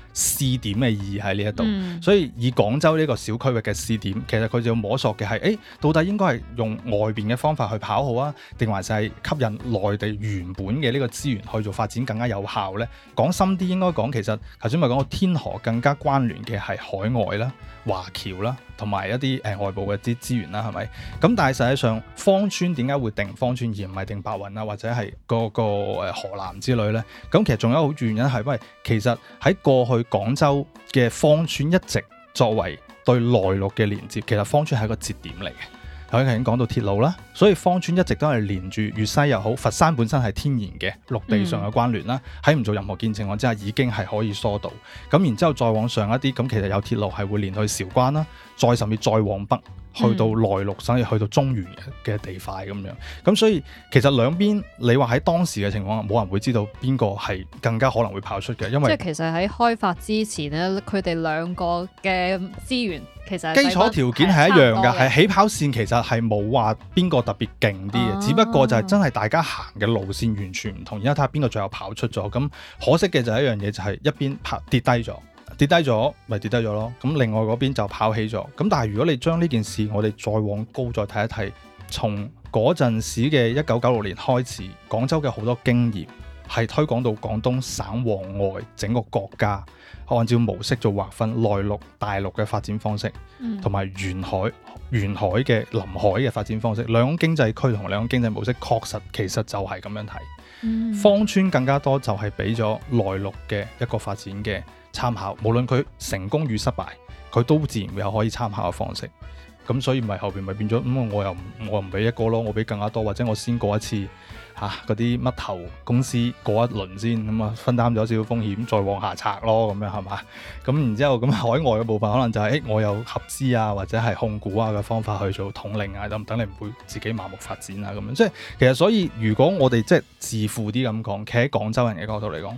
試點嘅意義喺呢一度，嗯、所以以廣州呢個小區域嘅試點，其實佢就要摸索嘅係，誒到底應該係用外邊嘅方法去跑好啊，定還是係吸引內地原本嘅呢個資源去做發展更加有效呢？講深啲應該講，其實頭先咪講過天河更加關聯嘅係海外啦。華僑啦，同埋一啲誒外部嘅啲資源啦，係咪？咁但係實際上，芳村點解會定芳村而唔係定白雲啊，或者係、嗰個、嗰個、呃、河南之類呢？咁其實仲有一個原因係，因為其實喺過去廣州嘅芳村一直作為對內陸嘅連接，其實芳村係一個節點嚟嘅。我已經講到鐵路啦，所以芳村一直都係連住粵西又好，佛山本身係天然嘅陸地上嘅關聯啦，喺唔、嗯、做任何建設嘅之下，已經係可以疏導。咁然之後再往上一啲，咁其實有鐵路係會連去韶關啦，再甚至再往北。去到內陸省，去到中原嘅地塊咁樣，咁所以其實兩邊你話喺當時嘅情況下，冇人會知道邊個係更加可能會跑出嘅，因為即係其實喺開發之前呢佢哋兩個嘅資源其實基礎條件係一樣嘅，係起跑線其實係冇話邊個特別勁啲嘅，啊、只不過就係真係大家行嘅路線完全唔同，而家睇下邊個最後跑出咗？咁可惜嘅就係一樣嘢，就係一邊拍跌低咗。跌低咗咪跌低咗咯，咁另外嗰邊就跑起咗。咁但係如果你將呢件事我哋再往高再睇一睇，從嗰陣時嘅一九九六年開始，廣州嘅好多經驗係推廣到廣東省往外整個國家，按照模式做劃分內陸、大陸嘅發展方式，同埋、嗯、沿海、沿海嘅臨海嘅發展方式，兩經濟區同兩經濟模式確實其實就係咁樣睇。嗯、芳村更加多就係俾咗內陸嘅一個發展嘅參考，無論佢成功與失敗，佢都自然會有可以參考嘅方式。咁所以咪後邊咪變咗咁、嗯、我又我唔俾一個咯，我俾更加多，或者我先過一次嚇嗰啲乜頭公司過一輪先，咁、嗯、啊分擔咗少少風險，再往下拆咯，咁樣係嘛？咁然之後咁海外嘅部分可能就係、是、誒、哎，我有合資啊，或者係控股啊嘅方法去做統領啊，咁等你唔會自己盲目發展啊咁樣。即係其實所以，如果我哋即係自負啲咁講，企喺廣州人嘅角度嚟講。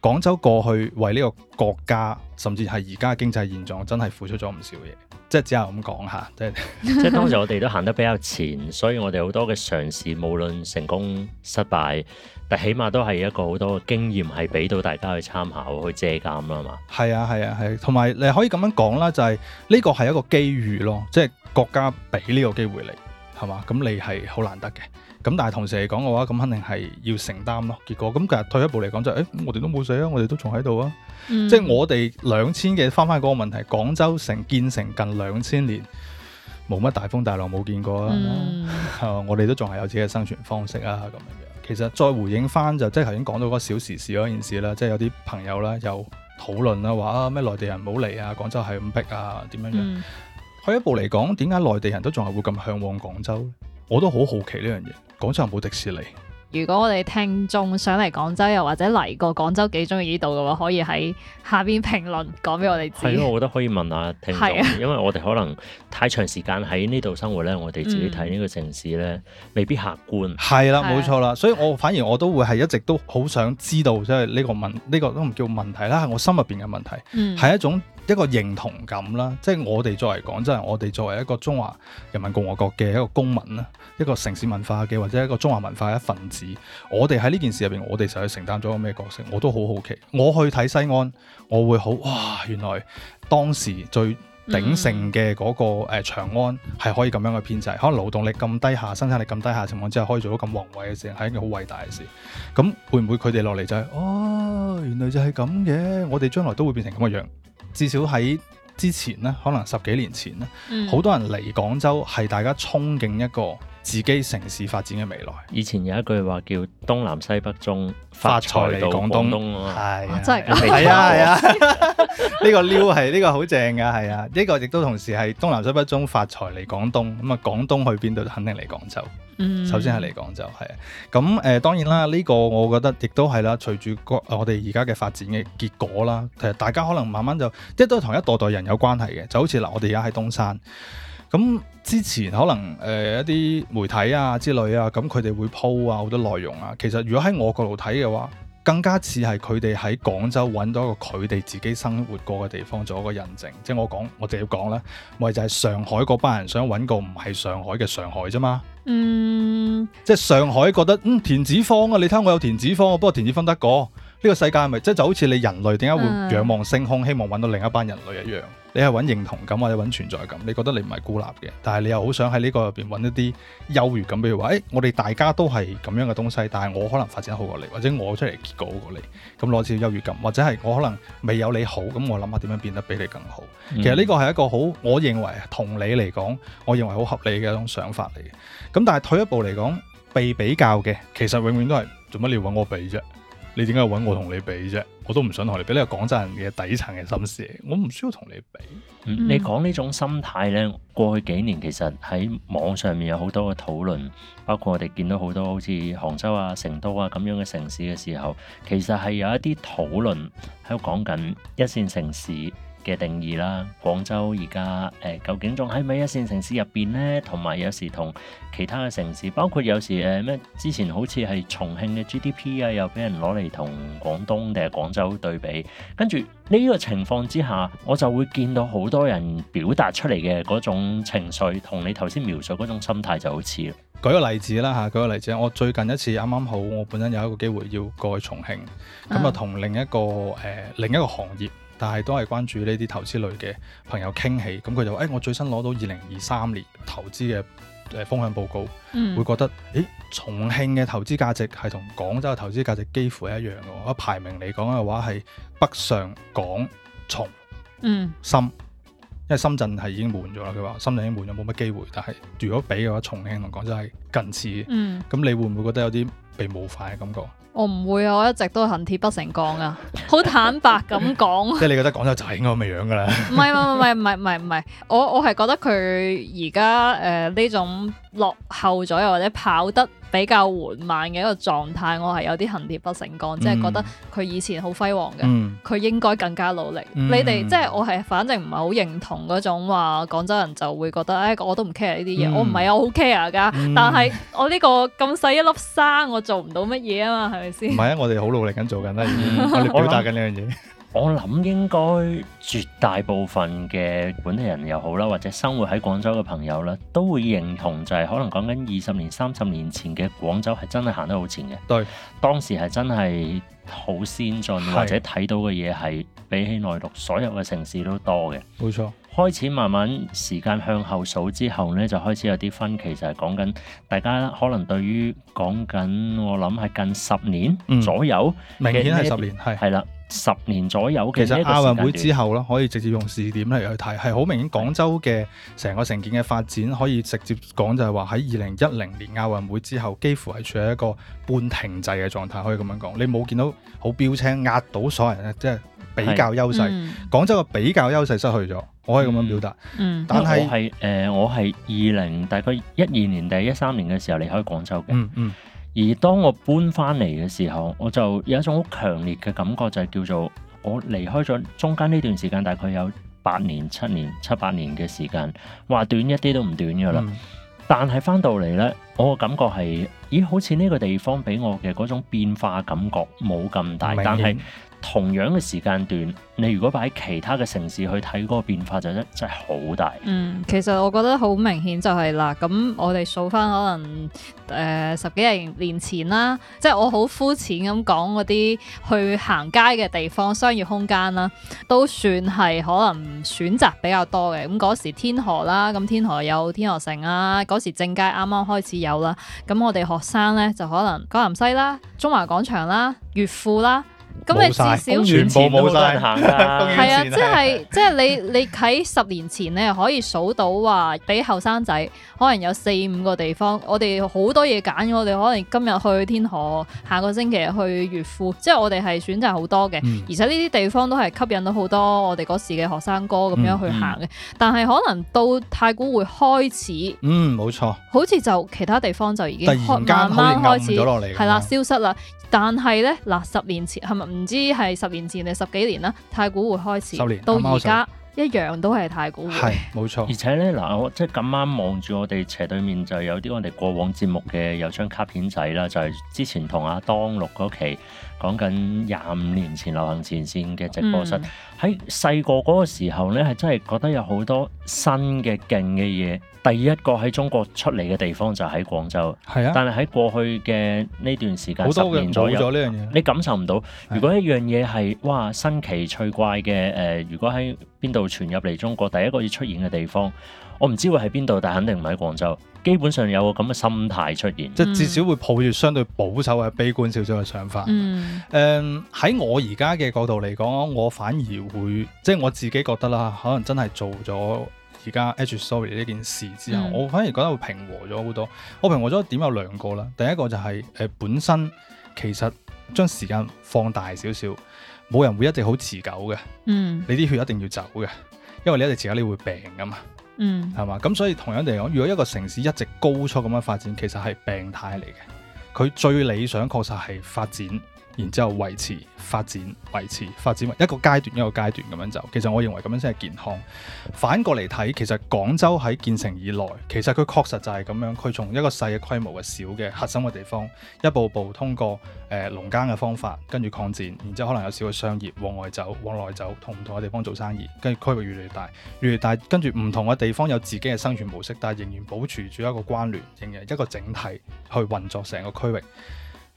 廣州過去為呢個國家，甚至係而家經濟現狀，真係付出咗唔少嘢，即係只係咁講下， <laughs> 即係，即係當時我哋都行得比較前，所以我哋好多嘅嘗試，無論成功失敗，但起碼都係一個好多嘅經驗，係俾到大家去參考、去借鑒啦嘛。係啊，係啊，係啊，同埋、啊、你可以咁樣講啦，就係、是、呢、呢個係一個機遇咯，即係國家俾呢個機會你，係嘛？咁你係好難得嘅。咁但係同時嚟講嘅話，咁肯定係要承擔咯。結果咁其實退一步嚟講就，誒、欸，我哋都冇死啊，嗯、我哋都仲喺度啊。即係我哋兩千嘅翻翻嗰個問題，廣州城建成近兩千年，冇乜大風大浪冇見過啦、啊嗯嗯。我哋都仲係有自己嘅生存方式啊。咁樣其實再回應翻就，即係頭先講到嗰小時事嗰件事咧，即係有啲朋友咧又討論啊，話啊咩內地人唔好嚟啊，廣州係咁逼啊，點樣樣？退一步嚟講，點解內地人都仲係會咁向往廣州？我都好好奇呢樣嘢，廣州有冇迪士尼？如果我哋聽眾想嚟廣州，又或者嚟過廣州幾中意呢度嘅話，可以喺下邊評論講俾我哋知。係啊，我覺得可以問下聽眾，的因為我哋可能太長時間喺呢度生活咧，我哋自己睇呢個城市咧，嗯、未必客觀。係啦，冇錯啦，的所以我反而我都會係一直都好想知道，即係呢個問，呢、呢個都唔叫問題啦，係我心入邊嘅問題，係、嗯、一種。一個認同感啦，即係我哋作為講，真係我哋作為一個中華人民共和國嘅一個公民啦，一個城市文化嘅或者一個中華文化嘅一份子，我哋喺呢件事入邊，我哋實去承擔咗個咩角色？我都好好奇。我去睇西安，我會好哇！原來當時最鼎盛嘅嗰個誒長安係可以咁樣嘅編制，嗯、可能勞動力咁低下、生產力咁低下情況之下，可以做到咁宏偉嘅事情，係一件好偉大嘅事。咁會唔會佢哋落嚟就係、是、哦？原來就係咁嘅，我哋將來都會變成咁嘅樣，樣。至少喺之前咧，可能十幾年前咧，好、嗯、多人嚟廣州係大家憧憬一個自己城市發展嘅未來，以前有一句話叫東南西北中發財嚟廣東，係真係啊係啊，呢個撩係呢個好正㗎係啊，呢個亦都、這個啊這個、同時係東南西北中發財嚟廣東，咁、嗯、啊廣東去邊度都肯定嚟廣州，嗯、首先係嚟廣州係啊，咁誒、呃、當然啦，呢、這個我覺得亦都係啦，隨住我哋而家嘅發展嘅結果啦，其實大家可能慢慢就即都同一代代人有關係嘅，就好似嗱我哋而家喺東山。咁之前可能誒、呃、一啲媒體啊之類啊，咁佢哋會 po 啊好多內容啊。其實如果喺我角度睇嘅話，更加似係佢哋喺廣州揾到一個佢哋自己生活過嘅地方做一個印證。即係我講，我直接講咧，咪就係、是、上海嗰班人想揾個唔係上海嘅上海啫嘛。嗯。即係上海覺得嗯田子坊啊，你睇我有田子坊、啊，不過田子坊得一個呢、呢個世界是是，係咪即就好似你人類點解會仰望星空，嗯、希望揾到另一班人類一樣？你係揾認同感或者揾存在感，你覺得你唔係孤立嘅，但係你又好想喺呢個入邊揾一啲優越感，譬如話，誒我哋大家都係咁樣嘅東西，但係我可能發展好過你，或者我出嚟結果好過你，咁攞少少優越感，或者係我可能未有你好，咁我諗下點樣變得比你更好。嗯、其實呢個係一個好，我認為同你嚟講，我認為好合理嘅一種想法嚟嘅。咁但係退一步嚟講，被比較嘅其實永遠都係做乜嘢你要揾我比啫。你點解揾我同你比啫？我都唔想同你比，呢個廣州人嘅底層嘅心思，我唔需要同你比。你講呢、嗯、種心態呢，過去幾年其實喺網上面有好多嘅討論，包括我哋見到好多好似杭州啊、成都啊咁樣嘅城市嘅時候，其實係有一啲討論喺度講緊一線城市嘅定義啦，廣州而家誒究竟仲喺咪一線城市入邊呢？同埋有，有時同其他嘅城市，包括有時誒咩、呃，之前好似係重慶嘅 GDP 啊，又俾人攞嚟同廣東定係廣州對比。跟住呢個情況之下，我就會見到好多人表達出嚟嘅嗰種情緒，同你頭先描述嗰種心態就好似啦。舉個例子啦嚇，舉個例子，我最近一次啱啱好，我本身有一個機會要過去重慶，咁啊同另一個誒、呃、另一個行業。但係都係關注呢啲投資類嘅朋友傾起，咁佢就話：誒、欸，我最新攞到二零二三年投資嘅誒風向報告，嗯、會覺得，誒，重慶嘅投資價值係同廣州嘅投資價值幾乎係一樣嘅。我排名嚟講嘅話係北上廣重深，嗯、因為深圳係已經滿咗啦。佢話深圳已經滿咗，冇乜機會。但係如果比嘅話，重慶同廣州係近似嘅。咁、嗯、你會唔會覺得有啲被冒犯嘅感覺？我唔會啊！我一直都恨鐵不成鋼啊，好坦白咁講。即你 <laughs> <laughs> 覺得廣州就係應該咁嘅樣㗎啦。唔係，唔係，唔係，唔係，我，我係覺得佢而家誒呢種落後咗，又或者跑得。比較緩慢嘅一個狀態，我係有啲恨鐵不成鋼，即係覺得佢以前好輝煌嘅，佢、嗯、應該更加努力。嗯、你哋們即係我係，反正唔係好認同嗰種話廣州人就會覺得，誒、哎、我都唔 care 呢啲嘢，我唔係啊，嗯、我好 care 噶。但係我呢個咁細一粒沙，我做唔到乜嘢啊嘛，係咪先？唔係啊，我哋好努力咁做緊啦，嗯、 <laughs> 我哋表達緊呢樣嘢。我諗應該絕大部分嘅本地人又好啦，或者生活喺廣州嘅朋友啦，都會認同，就係可能講緊二十年、三十年前嘅廣州係真係行得好前嘅。對，當時係真係好先進，或者睇到嘅嘢係比起內陸所有嘅城市都多嘅。冇錯。開始慢慢時間向後數之後呢，就開始有啲分歧，就係講緊大家可能對於講緊我諗係近十年左右、嗯，明顯係十年係啦。十年左右嘅，其實亞運會之後啦，可以直接用試點嚟去睇，係好明顯廣州嘅成個城建嘅發展可以直接講就係話喺二零一零年亞運會之後，幾乎係處於一個半停滯嘅狀態，可以咁樣講。你冇見到好標青壓到所有人，即係比較優勢。嗯、廣州嘅比較優勢失去咗，我可以咁樣表達。嗯，嗯但係是我係、呃、我係二零大概一二年定一三年嘅時候離開廣州嘅、嗯。嗯嗯。而當我搬翻嚟嘅時候，我就有一種好強烈嘅感覺，就係、是、叫做我離開咗中間呢段時間，大概有八年、七年、七八年嘅時間，話短一啲都唔短噶啦。嗯、但係翻到嚟呢，我嘅感覺係，咦，好似呢個地方俾我嘅嗰種變化感覺冇咁大，天但係。同樣嘅時間段，你如果擺喺其他嘅城市去睇嗰、嗰個變化，就係，就真真係好大。嗯，其實我覺得好明顯就係啦。咁我哋數返可能誒、呃、十幾廿年前啦，即係我好膚淺咁講嗰啲去行街嘅地方、商業空間啦，都算係可能選擇比較多嘅。咁嗰時天河啦，咁天河有天河城啦，嗰時正佳啱啱開始有啦。咁我哋學生咧就可能江南西啦、中華廣場啦、越富啦。咁你至少前前全部冇晒行係啊，即係即係你你喺十年前咧可以數到話俾後生仔可能有四五個地方，我哋好多嘢揀，我哋可能今日去天河，下個星期去越富，即係我哋係選擇好多嘅。嗯、而且呢啲地方都係吸引到好多我哋嗰時嘅學生哥咁樣去行嘅，嗯嗯、但係可能到太古匯開始，嗯，冇錯，好似就其他地方就已經慢慢開始，係啦，消失啦，但係咧嗱，十年前。是唔知係十年前定十幾年啦，太古匯開始年到而家一樣都係太古匯，係冇錯。而且咧嗱，我即係咁啱望住我哋斜對面就有啲我哋過往節目嘅有張卡片仔啦，就係、是、之前同阿當錄嗰期。講緊廿五年前流行前線嘅直播室，喺細個嗰個時候呢，係真係覺得有好多新嘅勁嘅嘢。第一個喺中國出嚟嘅地方就喺廣州，係啊、但係喺過去嘅呢段時間十年左右，你感受唔到。如果一樣嘢係哇新奇趣怪嘅誒、呃，如果喺邊度傳入嚟中國，第一個要出現嘅地方。我唔知會喺邊度，但肯定唔喺廣州。基本上有個咁嘅心態出現，即、嗯、至少會抱住相對保守或者悲觀少少嘅想法。嗯。喺、um, 我而家嘅角度嚟講，我反而會，即係我自己覺得啦，可能真係做咗而家 Edge Story 呢件事之後，嗯、我反而覺得會平和咗好多。我平和咗點有兩個啦，第一個就係、是、誒、呃、本身其實將時間放大少少，冇人會一直好持久嘅。嗯、你啲血一定要走嘅，因為你一直持久你會病噶嘛。嗯，係嘛？咁所以同樣地講，如果一個城市一直高速咁樣發展，其實係病態嚟嘅。佢最理想確實係發展。然之後維持發展，維持發展為一個階段一個階段咁樣走。其實我認為咁樣先係健康。反過嚟睇，其實廣州喺建成以來，其實佢確實就係咁樣。佢從一個細嘅規模嘅小嘅核心嘅地方，一步步通過誒農耕嘅方法跟住擴展，然之後可能有少少商業往外走、往內走，同唔同嘅地方做生意，跟住區域越嚟越大，越嚟越大，跟住唔同嘅地方有自己嘅生存模式，但係仍然保持住一個關聯，仍然一個整體去運作成個區域。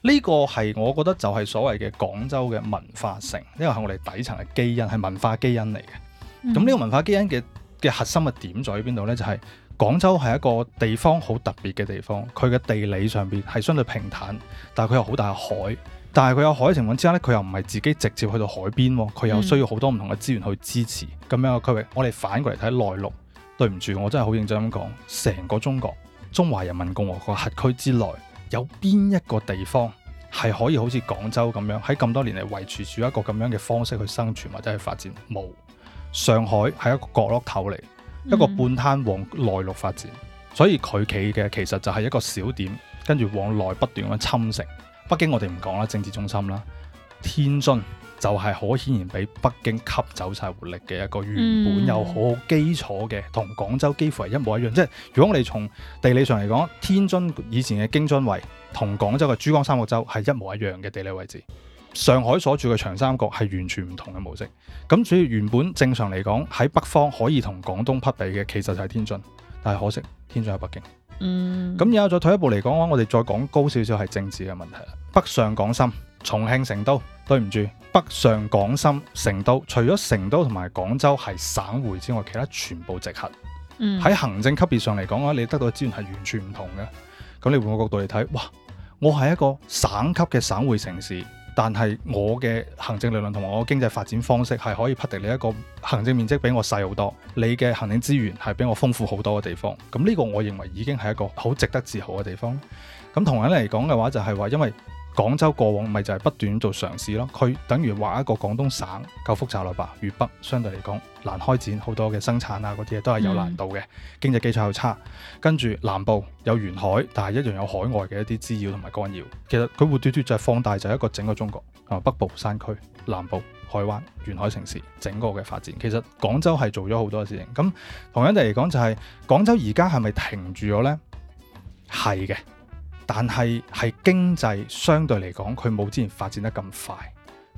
呢個係我覺得就係所謂嘅廣州嘅文化城，呢個係我哋底層嘅基因，係文化基因嚟嘅。咁呢、嗯、個文化基因嘅嘅核心嘅點在於邊度呢？就係、是、廣州係一個地方好特別嘅地方，佢嘅地理上邊係相對平坦，但係佢有好大嘅海，但係佢有海嘅情況之下呢，佢又唔係自己直接去到海邊，佢又需要好多唔同嘅資源去支持咁、嗯、樣嘅區域。我哋反過嚟睇內陸，對唔住，我真係好認真咁講，成個中國、中華人民共和國轄區之內。有邊一個地方係可以好似廣州咁樣喺咁多年嚟維持住一個咁樣嘅方式去生存或者去發展？冇。上海係一個角落頭嚟，一個半攤往內陸發展，嗯、所以佢企嘅其實就係一個小點，跟住往內不斷嘅侵蝕。北京我哋唔講啦，政治中心啦，天津，就係好顯然俾北京吸走晒活力嘅一個原本有好好基礎嘅，同廣州幾乎係一模一樣。即係如果我哋從地理上嚟講，天津以前嘅京津圍同廣州嘅珠江三角洲係一模一樣嘅地理位置。上海所住嘅長三角係完全唔同嘅模式。咁所以原本正常嚟講喺北方可以同廣東匹比嘅，其實就係天津，但係可惜天津喺北京。嗯。咁然後再退一步嚟講嘅話，我哋再講高少少係政治嘅問題啦。北上廣深。重慶、成都，對唔住，北上廣深、成都，除咗成都同埋廣州係省會之外，其他全部直轄。喺、嗯、行政級別上嚟講嘅話，你得到嘅資源係完全唔同嘅。咁你換個角度嚟睇，哇！我係一個省級嘅省會城市，但係我嘅行政理論同埋我嘅經濟發展方式係可以匹敵你一個行政面積比我細好多，你嘅行政資源係比我豐富好多嘅地方。咁呢個我認為已經係一個好值得自豪嘅地方。咁同樣嚟講嘅話，就係話因為。廣州過往咪就係不斷做嘗試咯，佢等於話一個廣東省夠複雜啦吧。粵北相對嚟講難開展好多嘅生產啊，嗰啲嘢都係有難度嘅，嗯、經濟基礎又差。跟住南部有沿海，但係一樣有海外嘅一啲滋擾同埋干擾。其實佢活脫脫就係放大就係一個整個中國啊、嗯，北部山區、南部海灣、沿海城市整個嘅發展。其實廣州係做咗好多嘅事情。咁同樣地嚟講、就是，就係廣州而家係咪停住咗呢？係嘅。但係係經濟相對嚟講，佢冇之前發展得咁快，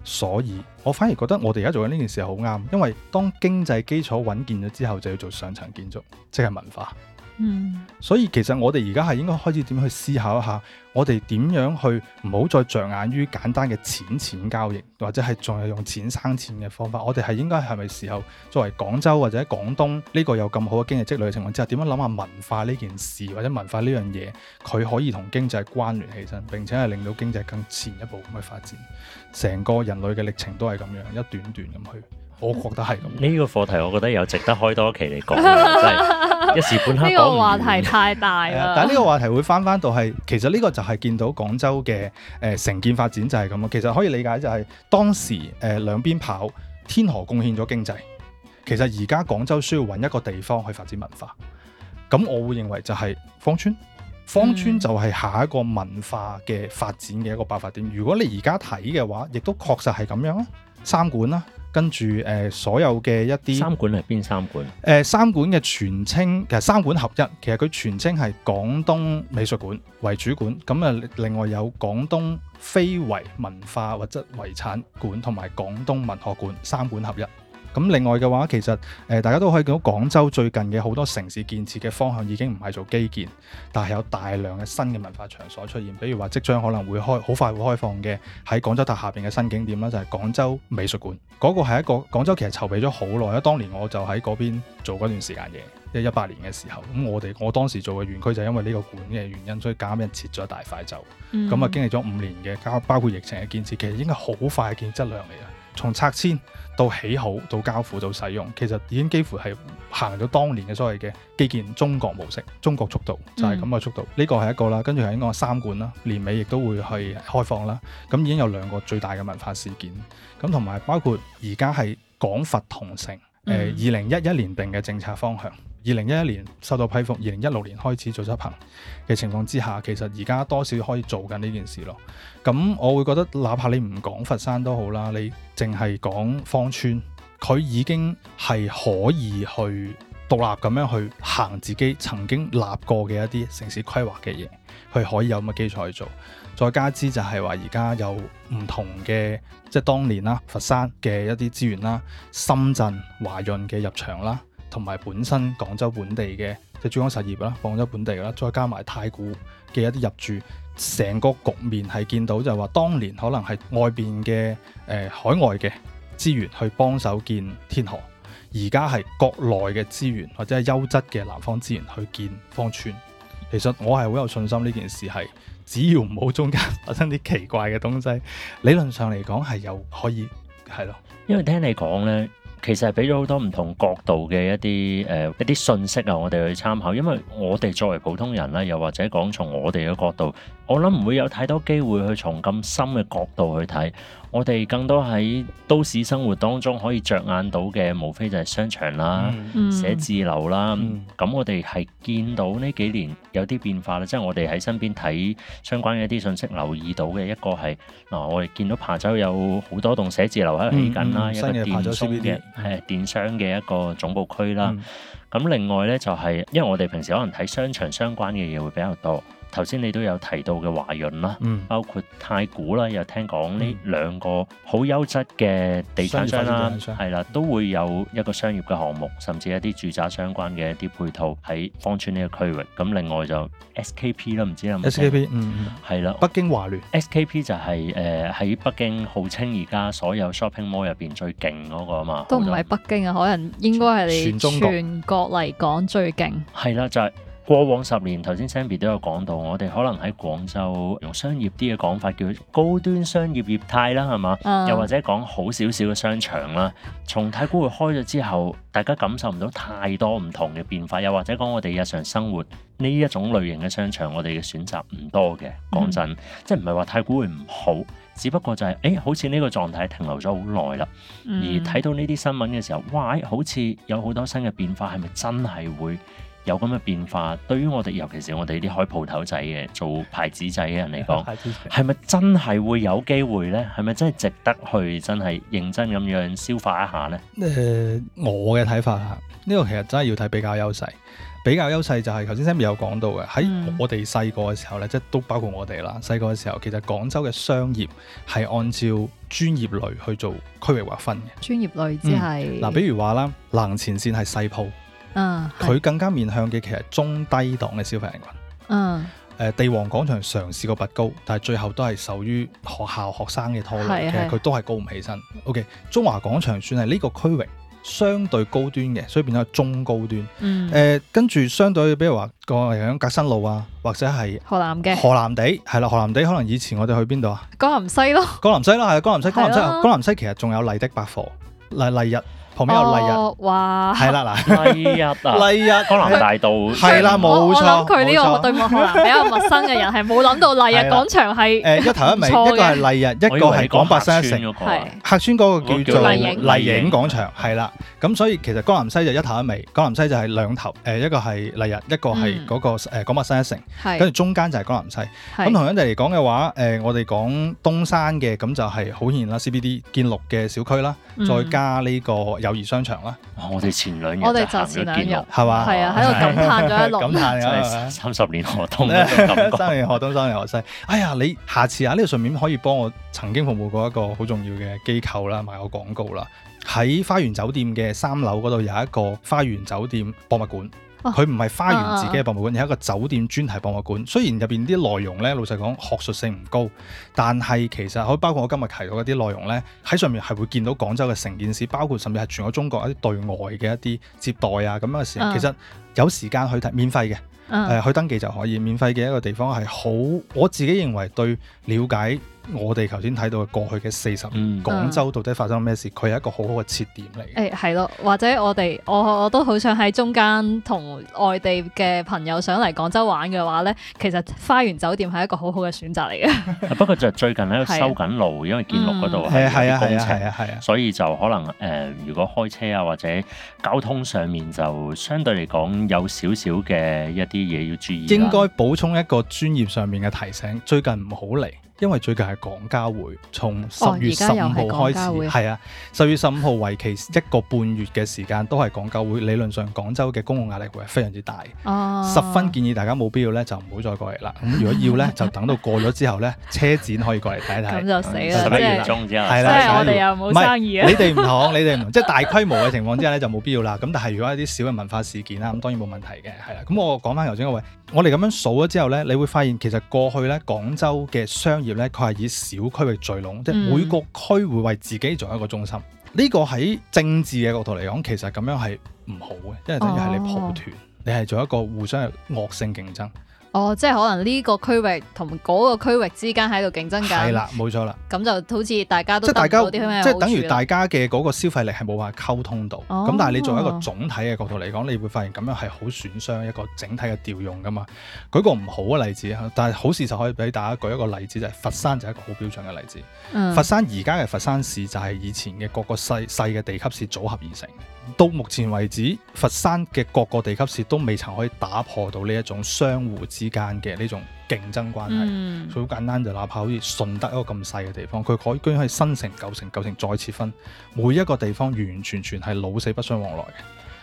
所以我反而覺得我哋而家做緊呢件事好啱，因為當經濟基礎穩健咗之後，就要做上層建築，即係文化。嗯，所以其實我哋而家係應該開始點去思考一下，我哋點樣去唔好再着眼於簡單嘅錢錢交易，或者係仲係用錢生錢嘅方法。我哋係應該係咪時候作為廣州或者廣東呢個有咁好嘅經濟積累嘅情況之下，點樣諗下文化呢件事或者文化呢樣嘢，佢可以同經濟關聯起身，並且係令到經濟更前一步咁去發展。成個人類嘅歷程都係咁樣一段段咁去。我覺得係咁，呢個課題，我覺得又值得開多一期嚟講。 <laughs> 真係一時半刻講，呢 <laughs> 個話題太大啦。但係呢個話題會翻翻到係其實呢個就係見到廣州嘅誒城建發展就係咁樣。其實可以理解就係、是、當時誒、呃、兩邊跑，天河貢獻咗經濟。其實而家廣州需要揾一個地方去發展文化。咁我會認為就係芳村，芳村就係下一個文化嘅發展嘅一個爆發點。嗯、如果你而家睇嘅話，亦都確實係咁樣啊。三館啦。跟住誒、呃，所有嘅一啲三館係邊三館？誒、呃、三館嘅全稱其實三館合一，其實佢全稱係廣東美術館為主館，咁啊另外有廣東非遺文化或者遺產館同埋廣東文學館三館合一。咁另外嘅話，其實誒，大家都可以見到廣州最近嘅好多城市建設嘅方向已經唔係做基建，但係有大量嘅新嘅文化場所出現。比如話，即將可能會開好快會開放嘅喺廣州塔下邊嘅新景點啦，就係、是、廣州美術館。嗰、那個係一個廣州其實籌備咗好耐啦。當年我就喺嗰邊做嗰段時間嘢，即係一八年嘅時候。咁我哋我當時做嘅園區就因為呢個館嘅原因，所以啱啱拆咗一大塊就，咁啊、嗯、經歷咗五年嘅，包包括疫情嘅建設，其實應該好快嘅建質量嚟嘅，從拆遷。到起好到交付到使用，其實已經幾乎係行咗當年嘅所謂嘅基建中國模式，中國速度就係咁嘅速度。呢、嗯、個係一個啦，跟住係應該三館啦，年尾亦都會去開放啦。咁已經有兩個最大嘅文化事件，咁同埋包括而家係廣佛同城，誒二零一一年定嘅政策方向。嗯嗯二零一一年受到批覆，二零一六年開始做執行嘅情況之下，其實而家多少可以做緊呢件事咯。咁我會覺得，哪怕你唔講佛山都好啦，你淨係講芳村，佢已經係可以去獨立咁樣去行自己曾經立過嘅一啲城市規劃嘅嘢，佢可以有咁嘅基礎去做。再加之就係話，而家有唔同嘅，即係當年啦，佛山嘅一啲資源啦，深圳華潤嘅入場啦。同埋本身廣州本地嘅即係珠江實業啦，廣州本地嘅啦，再加埋太古嘅一啲入駐，成個局面係見到就係話，當年可能係外邊嘅誒海外嘅資源去幫手建天河，而家係國內嘅資源或者係優質嘅南方資源去建芳村。其實我係好有信心呢件事係只要唔好中間發生啲奇怪嘅東西，理論上嚟講，係有可以係咯。因為聽你講咧。其實係俾咗好多唔同角度嘅一啲誒、呃、一啲信息啊，我哋去參考，因為我哋作為普通人啦，又或者講從我哋嘅角度，我諗唔會有太多機會去從咁深嘅角度去睇。我哋更多喺都市生活當中可以着眼到嘅，無非就係商場啦、寫、嗯、字樓啦。咁、嗯、我哋係見到呢幾年有啲變化啦，即係、嗯、我哋喺身邊睇相關嘅一啲信息，留意到嘅一個係，嗱、呃，我哋見到琶洲有好多棟寫字樓喺度起緊啦，嗯嗯、一個電商嘅係電商嘅一個總部區啦。咁、嗯嗯、另外咧就係、是、因為我哋平時可能睇商場相關嘅嘢會比較多。頭先你都有提到嘅華潤啦，嗯、包括太古啦，又聽講呢兩個好優質嘅地產商啦，係啦，都會有一個商業嘅項目，甚至一啲住宅相關嘅一啲配套喺芳村呢個區域。咁另外就 SKP 啦，唔知有冇？SKP，嗯，係啦，的北京華聯。SKP 就係，誒，喺北京號稱而家所有 shopping mall 入邊最勁嗰個啊嘛。都唔係北京啊，可能應該係你全，全中國嚟講最勁。係啦，就係。過往十年，頭先 Sammy 都有講到，我哋可能喺廣州用商業啲嘅講法叫高端商業業態啦，係嘛？嗯、又或者講好少少嘅商場啦。從太古匯開咗之後，大家感受唔到太多唔同嘅變化，又或者講我哋日常生活呢一種類型嘅商場，我哋嘅選擇唔多嘅。講真，嗯、即係唔係話太古匯唔好，只不過就係、是，誒，好似呢個狀態停留咗好耐啦。而睇到呢啲新聞嘅時候，哇！好似有好多新嘅變化，係咪真係會有咁嘅變化，對於我哋，尤其是我哋啲開鋪頭仔嘅、做牌子仔嘅人嚟講，係咪真係會有機會呢？係咪真係值得去真係認真咁樣消化一下呢？誒、呃，我嘅睇法嚇，呢、這個其實真係要睇比較優勢。比較優勢就係頭先 Samy 有講到嘅，喺我哋細個嘅時候呢，即係都包括我哋啦。細個嘅時候，其實廣州嘅商業係按照專業類去做區域劃分嘅。專業類即係嗱，比如話啦，冷前線係細鋪。嗯，佢更加面向嘅其實中低檔嘅消費人群。嗯，誒地王廣場嘗試過拔高，但係最後都係受於學校學生嘅拖累，其實佢都係高唔起身。O K，中華廣場算係呢個區域相對高端嘅，所以變咗中高端。嗯，誒跟住相對，比如話個響革新路啊，或者係河南嘅河南地，係啦，河南地可能以前我哋去邊度啊？江南西咯，江南西咯，係江南西，江南西，江南西其實仲有麗的百貨，麗麗日。旁邊有麗日，係啦嗱，麗日啊，麗日江南大道係啦，冇錯。我諗佢呢個對我可能比較陌生嘅人係冇諗到麗日廣場係誒一頭一尾，一個係麗日，一個係廣百新一城。係客村嗰個叫做麗影廣場，係啦。咁所以其實江南西就一頭一尾，江南西就係兩頭誒，一個係麗日，一個係嗰個誒廣百新一城。係跟住中間就係江南西。咁同樣地嚟講嘅話，誒我哋講東山嘅咁就係好顯然啦，CBD 建綠嘅小區啦，再加呢個。友誼商場啦，我哋前兩日我哋就前兩日係嘛，係路吧啊，喺度、啊啊、感嘆咗一路， <laughs> 感嘆了三十年河東啊，三年河東三年河西。哎呀，你下次啊，呢度順便可以幫我曾經服務過一個好重要嘅機構啦，賣個廣告啦。喺花園酒店嘅三樓嗰度有一個花園酒店博物館。佢唔係花園自己嘅博物館，而係、啊、一個酒店專題博物館。雖然入邊啲內容呢，老實講學術性唔高，但係其實可以包括我今日提到一啲內容呢，喺上面係會見到廣州嘅成件事，包括甚至係全個中國一啲對外嘅一啲接待啊咁樣嘅時候，啊、其實有時間去睇，免費嘅，誒、啊呃、去登記就可以免費嘅一個地方係好，我自己認為對了解。我哋頭先睇到嘅過去嘅四十年，嗯、廣州到底發生咩事？佢係一個好好嘅切點嚟嘅。誒係咯，或者我哋我我都好想喺中間同外地嘅朋友想嚟廣州玩嘅話咧，其實花園酒店係一個好好嘅選擇嚟嘅。 <laughs> 不過就最近喺度修緊路，啊、因為建屋嗰度係有啲工程，所以就可能誒、呃，如果開車啊或者交通上面就相對嚟講有少少嘅一啲嘢要注意。應該補充一個專業上面嘅提醒，最近唔好嚟。因為最近係廣交會，從十月十五號開始，係啊，十月十五號為期一個半月嘅時間都係廣交會，理論上廣州嘅公共壓力會非常之大，十分建議大家冇必要咧就唔好再過嚟啦。咁如果要咧，就等到過咗之後咧，車展可以過嚟睇睇。咁就死啦，十一月中之後，真係我哋又冇生意。唔係你哋唔同，你哋唔同，即係大規模嘅情況之下咧就冇必要啦。咁但係如果一啲小嘅文化事件啦，咁當然冇問題嘅，係啦。咁我講翻頭先嗰位，我哋咁樣數咗之後咧，你會發現其實過去咧廣州嘅商業。業咧，佢係以小區域聚攏，即係每個區會為自己做一個中心。呢、嗯、個喺政治嘅角度嚟講，其實咁樣係唔好嘅，因為就係你抱團，哦、你係做一個互相惡性競爭。哦，即係可能呢個區域同嗰個區域之間喺度競爭緊，係啦，冇錯啦。咁就好似大家都即係大家，等於大家嘅嗰個消費力係冇辦法溝通到。咁、哦、但係你作為一個總體嘅角度嚟講，哦、你會發現咁樣係好損傷一個整體嘅調用噶嘛。舉個唔好嘅例子，但係好事就可以俾大家舉一個例子，就係、是、佛山就係一個好標準嘅例子。嗯、佛山而家嘅佛山市就係以前嘅各個細細嘅地級市組合而成。到目前為止，佛山嘅各個地級市都未曾可以打破到呢一種相互之間嘅呢種競爭關係。所以好、嗯、簡單就哪怕好似順德一個咁細嘅地方，佢可以居然可以新城、舊城、舊城再切分，每一個地方完完全全係老死不相往來嘅。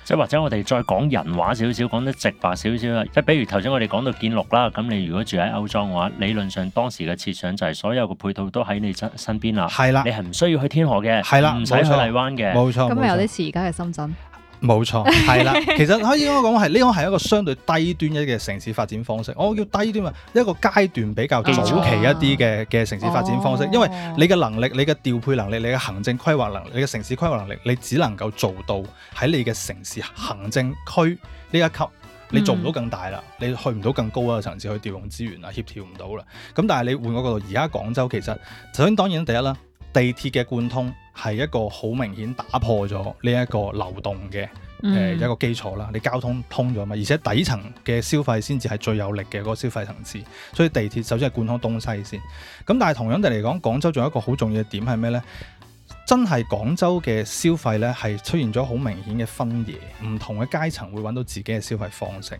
即或者我哋再講人話少少，講得直白少少啦。即係比如頭先我哋講到建六啦，咁你如果住喺歐莊嘅話，理論上當時嘅設想就係所有嘅配套都喺你身身邊啦。係啦的，你係唔需要去天河嘅，係啦的，唔使去荔灣嘅，冇錯。咁有啲似而家嘅深圳。 <music> 冇錯，係啦。其實可以我講係呢個係一個相對低端一嘅城市發展方式。我叫低端啊，一個階段比較早期一啲嘅嘅城市發展方式。啊哦、因為你嘅能力、你嘅調配能力、你嘅行政規劃能力、你嘅城市規劃能力，你只能夠做到喺你嘅城市行政區呢一級，你做唔到更大啦，嗯、你去唔到更高嘅層次去調用資源啦，協調唔到啦。咁但係你換個角度，而家廣州其實首先當然第一啦，地鐵嘅貫通。係一個好明顯打破咗呢一個流動嘅誒一個基礎啦，你、嗯、交通通咗嘛，而且底層嘅消費先至係最有力嘅嗰、嗰個消費層次，所以地鐵首先係貫通東西先。咁但係同樣地嚟講，廣州仲有一個好重要嘅點係咩呢？真係廣州嘅消費呢係出現咗好明顯嘅分野，唔同嘅階層會揾到自己嘅消費方式。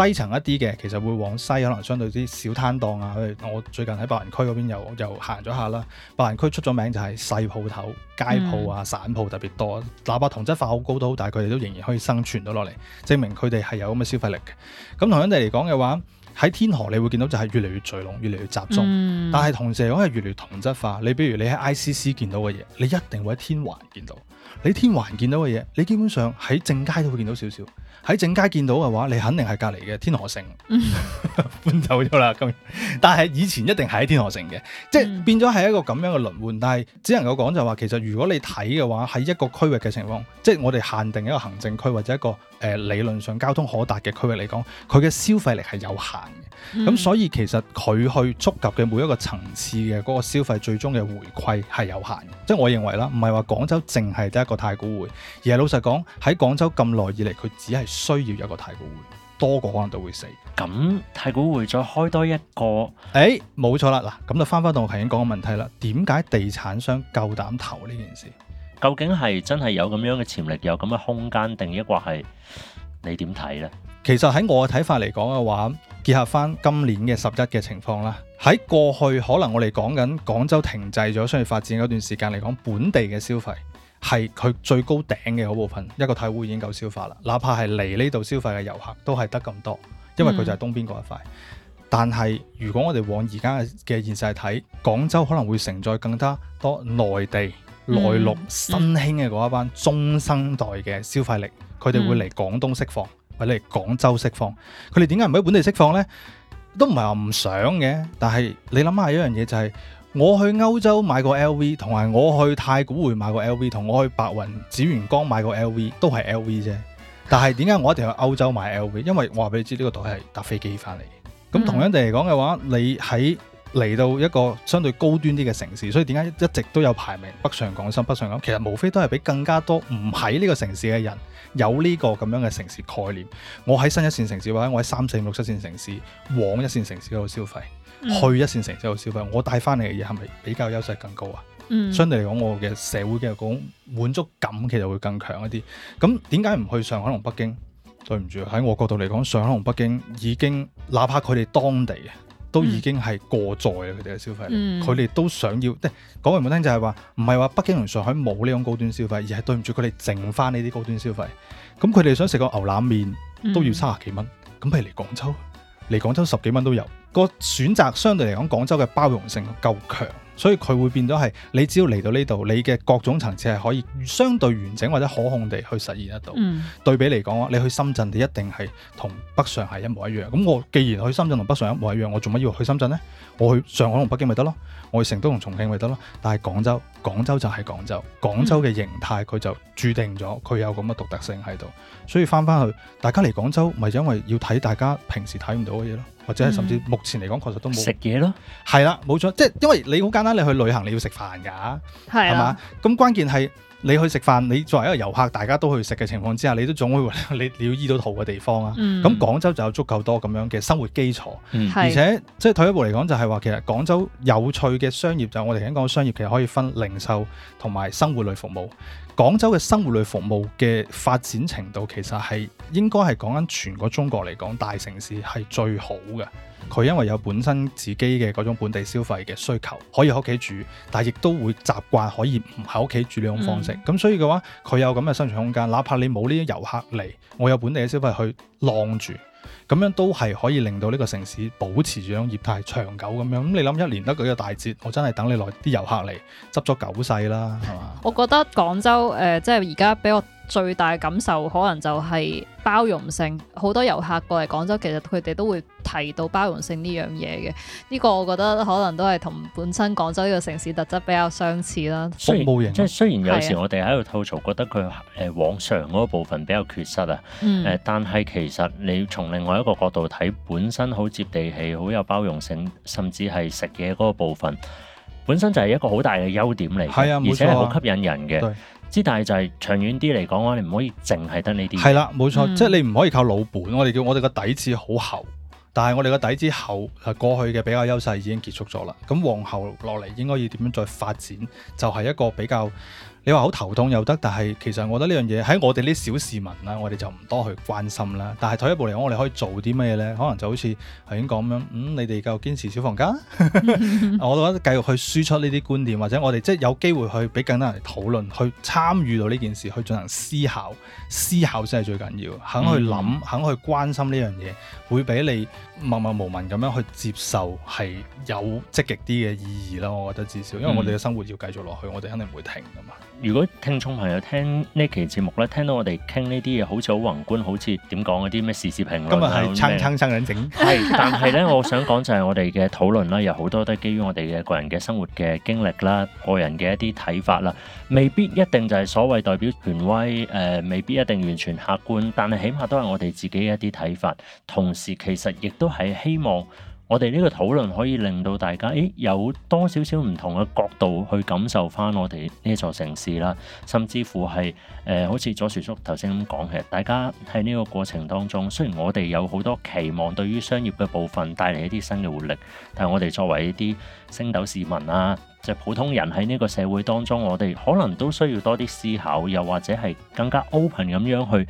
低層一啲嘅，其實會往西，可能相對啲小攤檔啊。我最近喺白雲區嗰邊又又行咗下啦。白雲區出咗名就係細鋪頭、街鋪啊、散鋪特別多。哪怕、嗯、同質化好高都好，但係佢哋都仍然可以生存到落嚟，證明佢哋係有咁嘅消費力嘅。咁同樣地嚟講嘅話，喺天河你會見到就係越嚟越聚攏、越嚟越集中，嗯、但係同時嚟講係越嚟越同質化。你比如你喺 ICC 見到嘅嘢，你一定會喺天環見到。你天環見到嘅嘢，你基本上喺正街都會見到少少。喺正街見到嘅話，你肯定係隔離嘅天河城、嗯、 <laughs> 搬走咗啦。今日，但係以前一定係喺天河城嘅，嗯、即係變咗係一個咁樣嘅輪換。但係只能夠講就話，其實如果你睇嘅話，喺一個區域嘅情況，即係我哋限定一個行政區或者一個誒、呃、理論上交通可達嘅區域嚟講，佢嘅消費力係有限。咁、嗯、所以其實佢去觸及嘅每一個層次嘅嗰個消費最終嘅回饋係有限嘅，即係我認為啦，唔係話廣州淨係得一個太古匯，而係老實講喺廣州咁耐以嚟，佢只係需要一個太古匯，多個可能都會死、嗯。咁太古匯再開多一個，誒冇錯啦，嗱咁就翻返到我頭先講嘅問題啦，點解地產商夠膽投呢件事？究竟係真係有咁樣嘅潛力，有咁嘅空間，定抑或係你點睇呢？其實喺我嘅睇法嚟講嘅話。結合翻今年嘅十一嘅情況啦，喺過去可能我哋講緊廣州停滯咗商業發展嗰段時間嚟講，本地嘅消費係佢最高頂嘅嗰部分，一個太古已經夠消化啦。哪怕係嚟呢度消費嘅遊客都係得咁多，因為佢就係東邊嗰一塊。嗯、但係如果我哋往而家嘅嘅現實嚟睇，廣州可能會承載更加多內地、內陸新興嘅嗰一班中生代嘅消費力，佢哋會嚟廣東釋放。嗯嗯佢哋廣州釋放，佢哋點解唔喺本地釋放呢？都唔係話唔想嘅，但係你諗下一樣嘢就係、是，我去歐洲買個 LV，同埋我去太古匯買個 LV，同我去白雲梓元崗買個 LV，都係 LV 啫。但係點解我一定要去歐洲買 LV？因為我話俾你知，呢、這個袋係搭飛機翻嚟。咁同樣地嚟講嘅話，你喺。嚟到一個相對高端啲嘅城市，所以點解一直都有排名北上廣深、北上咁，其實無非都係畀更加多唔喺呢個城市嘅人有呢個咁樣嘅城市概念。我喺新一線城市或者我喺三四五六七線城市往一線城市度消費，嗯、去一線城市度消費，我帶翻嚟嘅嘢係咪比較優勢更高啊？嗯、相對嚟講，我嘅社會嘅嗰種滿足感其實會更強一啲。咁點解唔去上海同北京？對唔住，喺我角度嚟講，上海同北京已經，哪怕佢哋當地。都已經係過載啊！佢哋嘅消費，佢哋都想要，即係講句唔好聽就係話，唔係話北京同上海冇呢種高端消費，而係對唔住佢哋剩翻呢啲高端消費。咁佢哋想食個牛腩麵都要三十幾蚊，咁譬、嗯、如嚟廣州，嚟廣州十幾蚊都有。個選擇相對嚟講，廣州嘅包容性夠強。所以佢會變咗係，你只要嚟到呢度，你嘅各種層次係可以相對完整或者可控地去實現得到。嗯。對比嚟講，你去深圳，你一定係同北上係一模一樣。咁我既然去深圳同北上一模一樣，我做乜要去深圳呢？我去上海同北京咪得咯，我去成都同重慶咪得咯，但係廣州，廣州就係廣州，廣州嘅形態佢就註定咗，佢有咁嘅獨特性喺度，所以翻翻去，大家嚟廣州咪因為要睇大家平時睇唔到嘅嘢咯，或者甚至目前嚟講確實都冇食嘢咯，係啦、嗯，冇錯即係因為你好簡單，你去旅行你要食飯㗎，係嘛的？咁關鍵係。你去食飯，你作為一個遊客，大家都去食嘅情況之下，你都總會你你要醫到肚嘅地方啊。咁、嗯、廣州就有足夠多咁樣嘅生活基礎，嗯、而且即係的、就是、退一步嚟講就，就係話其實廣州有趣嘅商業就我哋頭先講嘅商業，其實可以分零售同埋生活類服務。廣州嘅生活類服務嘅發展程度其實係應該係講緊全個中國嚟講，大城市係最好嘅。佢因為有本身自己嘅嗰種本地消費嘅需求，可以喺屋企住，但係亦都會習慣可以唔喺屋企住呢種方式。咁、嗯、所以嘅話，佢有咁嘅生存空間，哪怕你冇呢啲遊客嚟，我有本地嘅消費去浪住。咁樣都係可以令到呢個城市保持住樣業態長久咁樣，咁、嗯、你諗一年得幾個大節，我真係等你來啲遊客嚟執咗九世啦，係嘛？我覺得廣州誒、呃，即係而家俾我。最大感受可能就係包容性，好多遊客過嚟廣州，其實佢哋都會提到包容性呢樣嘢嘅。呢、呢個我覺得可能都係同本身廣州呢個城市特質比較相似啦。服務型、啊、雖然有時我哋喺度吐槽，覺得佢往上嗰部分比較缺失啊。嗯、但係其實你從另外一個角度睇，本身好接地氣，好有包容性，甚至係食嘢嗰個部分，本身就係一個好大嘅優點嚟。係、啊啊、而且係好吸引人嘅。之，但係就係長遠啲嚟講，我哋唔可以淨係得呢啲。係啦，冇錯，嗯、即係你唔可以靠老本。我哋叫我哋個底子好厚，但係我哋個底子厚係過去嘅比較優勢已經結束咗啦。咁往後落嚟應該要點樣再發展，就係、是、一個比較。你話好頭痛又得，但係其實我覺得呢樣嘢喺我哋呢小市民啦，我哋就唔多去關心啦。但係退一步嚟講，我哋可以做啲咩呢？可能就好似頭先講咁樣，嗯，你哋繼續堅持小房間？ <laughs> 我覺得繼續去輸出呢啲觀念，或者我哋即係有機會去俾更多人討論、去參與到呢件事，去進行思考，思考先係最緊要。肯去諗、嗯、肯去關心呢樣嘢，會俾你默默無聞咁樣去接受係有積極啲嘅意義啦。我覺得至少，因為我哋嘅生活要繼續落去，我哋肯定唔會停噶嘛。如果聽眾朋友聽期節呢期節目咧，聽到我哋傾呢啲嘢，好似好宏觀，好似點講嗰啲咩時事評論咁今日係撐撐撐緊整，係， <laughs> 但係咧，我想講就係我哋嘅討論啦，有好多都基於我哋嘅個人嘅生活嘅經歷啦，個人嘅一啲睇法啦，未必一定就係所謂代表權威誒、呃，未必一定完全客觀，但係起碼都係我哋自己嘅一啲睇法。同時其實亦都係希望。我哋呢個討論可以令到大家，誒，有多少少唔同嘅角度去感受翻我哋呢座城市啦，甚至乎係誒、呃，好似左薯叔頭先咁講，其實大家喺呢個過程當中，雖然我哋有好多期望對於商業嘅部分帶嚟一啲新嘅活力，但係我哋作為一啲星斗市民啦、啊。就普通人喺呢個社會當中，我哋可能都需要多啲思考，又或者係更加 open 咁樣去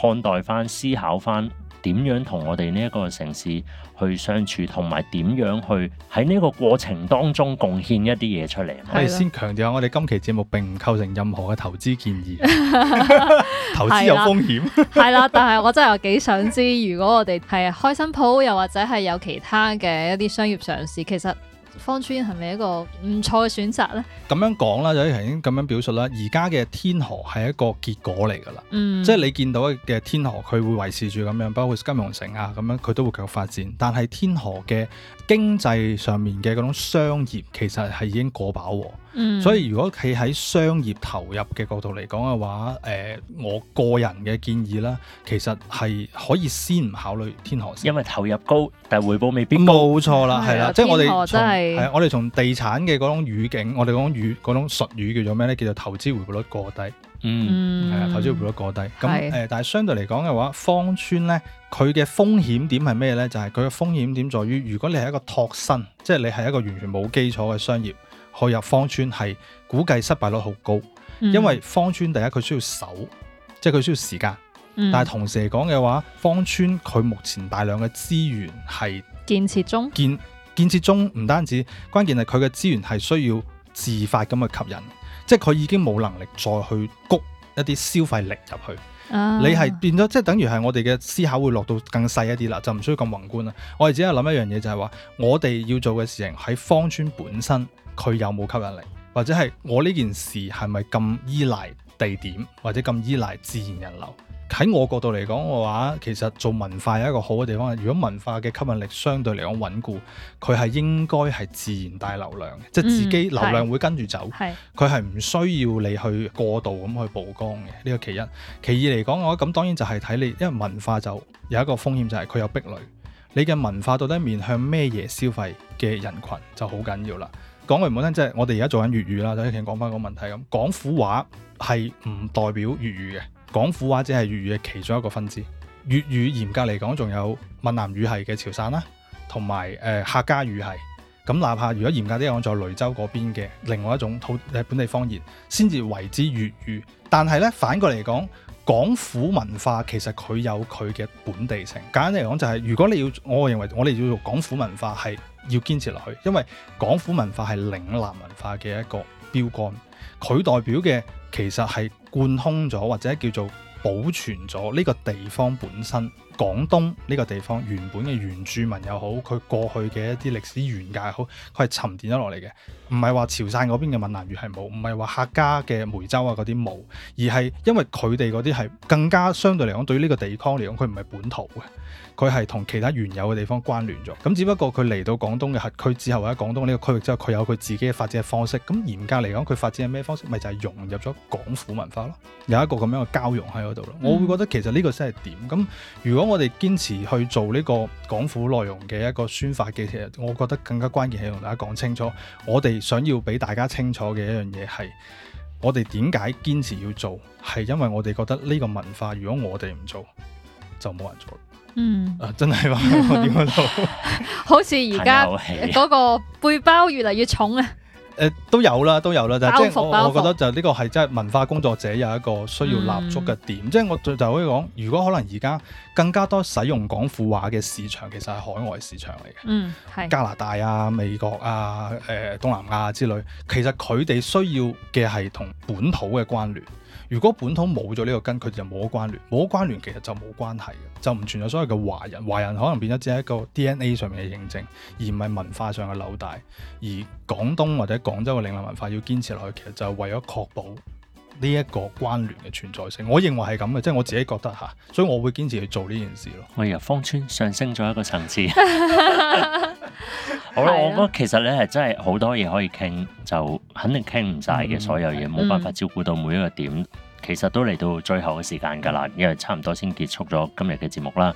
看待翻、思考翻，點樣同我哋呢一個城市去相處，同埋點樣去喺呢個過程當中貢獻一啲嘢出嚟。我哋的先強調，我哋今期節目並唔構成任何嘅投資建議， <laughs> <laughs> 投資有風險。係 <laughs> 啦，但係我真係有幾想知， <laughs> 如果我哋係開心鋪，又或者係有其他嘅一啲商業嘗試，其實。芳村係咪一個唔錯嘅選擇呢？咁樣講啦，有啲人已經咁樣表述啦。而家嘅天河係一個結果嚟噶啦，嗯、即係你見到嘅天河，佢會維持住咁樣，包括金融城啊，咁樣，佢都會繼續發展。但係天河嘅經濟上面嘅嗰種商業其實係已經過飽和，嗯、所以如果企喺商業投入嘅角度嚟講嘅話，誒、呃，我個人嘅建議啦，其實係可以先唔考慮天河市，因為投入高，但係回報未必高，冇錯啦，係啦，即係我哋係我哋從地產嘅嗰種語境，我哋講語嗰種術語叫做咩呢？叫做投資回報率過低。嗯，係啊的，投資回報率過低。咁誒是，但係相對嚟講嘅話，芳村呢，佢嘅風險點係咩呢？就係佢嘅風險點在於，如果你係一個託身，即、就、係、是、你係一個完全冇基礎嘅商業去入芳村，係估計失敗率好高。嗯、因為芳村第一佢需要守，即係佢需要時間。嗯、但係同時嚟講嘅話，芳村佢目前大量嘅資源係建，建設中，建建設中，唔單止，關鍵係佢嘅資源係需要自發咁去吸引。即係佢已經冇能力再去谷一啲消費力入去，啊、你係變咗即係等於係我哋嘅思考會落到更細一啲啦，就唔需要咁宏觀啦。我哋只係諗一樣嘢，就係話我哋要做嘅事情喺芳村本身，佢有冇吸引力，或者係我呢件事係咪咁依賴地點，或者咁依賴自然人流？喺我角度嚟講嘅話，其實做文化有一個好嘅地方，如果文化嘅吸引力相對嚟講穩固，佢係應該係自然帶流量嘅，嗯、即係自己流量會跟住走，佢係唔需要你去過度咁去曝光嘅，呢、這個其一。其二嚟講，我咁當然就係睇你，因為文化就有一個風險就係、是、佢有壁壘，你嘅文化到底面向咩嘢消費嘅人群就好緊要啦。講句唔好聽，即、就、係、是、我哋而家做緊粵語啦，等一陣講翻個問題咁，廣府話係唔代表粵語嘅。廣府話即係粵語嘅其中一個分支。粵語嚴格嚟講，仲有閩南語系嘅潮汕啦，同埋誒客家語系。咁哪怕如果嚴格啲講，在雷州嗰邊嘅另外一種土誒本地方言，先至為之粵語。但係呢，反過嚟講，廣府文化其實佢有佢嘅本地性。簡單嚟講，就係，就係如果你要，我認為我哋要做廣府文化係要堅持落去，因為廣府文化係嶺南文化嘅一個標杆，佢代表嘅。其實係貫通咗，或者叫做保存咗呢個地方本身。廣東呢個地方原本嘅原住民又好，佢過去嘅一啲歷史淵源又好，佢係沉澱咗落嚟嘅。唔係話潮汕嗰邊嘅閩南語係冇，唔係話客家嘅梅州啊嗰啲冇，而係因為佢哋嗰啲係更加相對嚟講，對呢個地方嚟講，佢唔係本土嘅。佢係同其他原有嘅地方關聯咗，咁只不過佢嚟到廣東嘅核區之後，或者廣東呢個區域之後，佢有佢自己嘅發展嘅方式。咁嚴格嚟講，佢發展係咩方式？咪就係融入咗廣府文化咯，有一個咁樣嘅交融喺嗰度咯。我會覺得其實呢個先係點咁。如果我哋堅持去做呢個廣府內容嘅一個宣發嘅，其實我覺得更加關鍵係同大家講清楚，我哋想要俾大家清楚嘅一樣嘢係，我哋點解堅持要做，係因為我哋覺得呢個文化，如果我哋唔做，就冇人做。嗯，啊真係喎，我點解都好似而家嗰個背包越嚟越重啊！誒，都有啦，都有啦，即係服我服我覺得就呢個係即係文化工作者有一個需要立足嘅點，即係、嗯、我就可以講，如果可能而家更加多使用廣府話嘅市場，其實係海外市場嚟嘅，嗯，加拿大啊、美國啊、誒、呃、東南亞之類，其實佢哋需要嘅係同本土嘅關聯。如果本土冇咗呢個根，佢就冇關聯，冇關聯其實就冇關係嘅，就唔存在所謂嘅華人。華人可能變咗只係一個 DNA 上面嘅認證，而唔係文化上嘅紐帶。而廣東或者廣州嘅嶺南文化要堅持落去，其實就係為咗確保呢一個關聯嘅存在性。我認為係咁嘅，即係我自己覺得嚇，所以我會堅持去做呢件事咯。我由芳村上升咗一個層次。 <laughs> 好啦，啊、我覺得其實咧係真係好多嘢可以傾，就肯定傾唔晒嘅所有嘢，冇辦法照顧到每一個點。嗯、其實都嚟到最後嘅時間㗎啦，因為差唔多先結束咗今日嘅節目啦。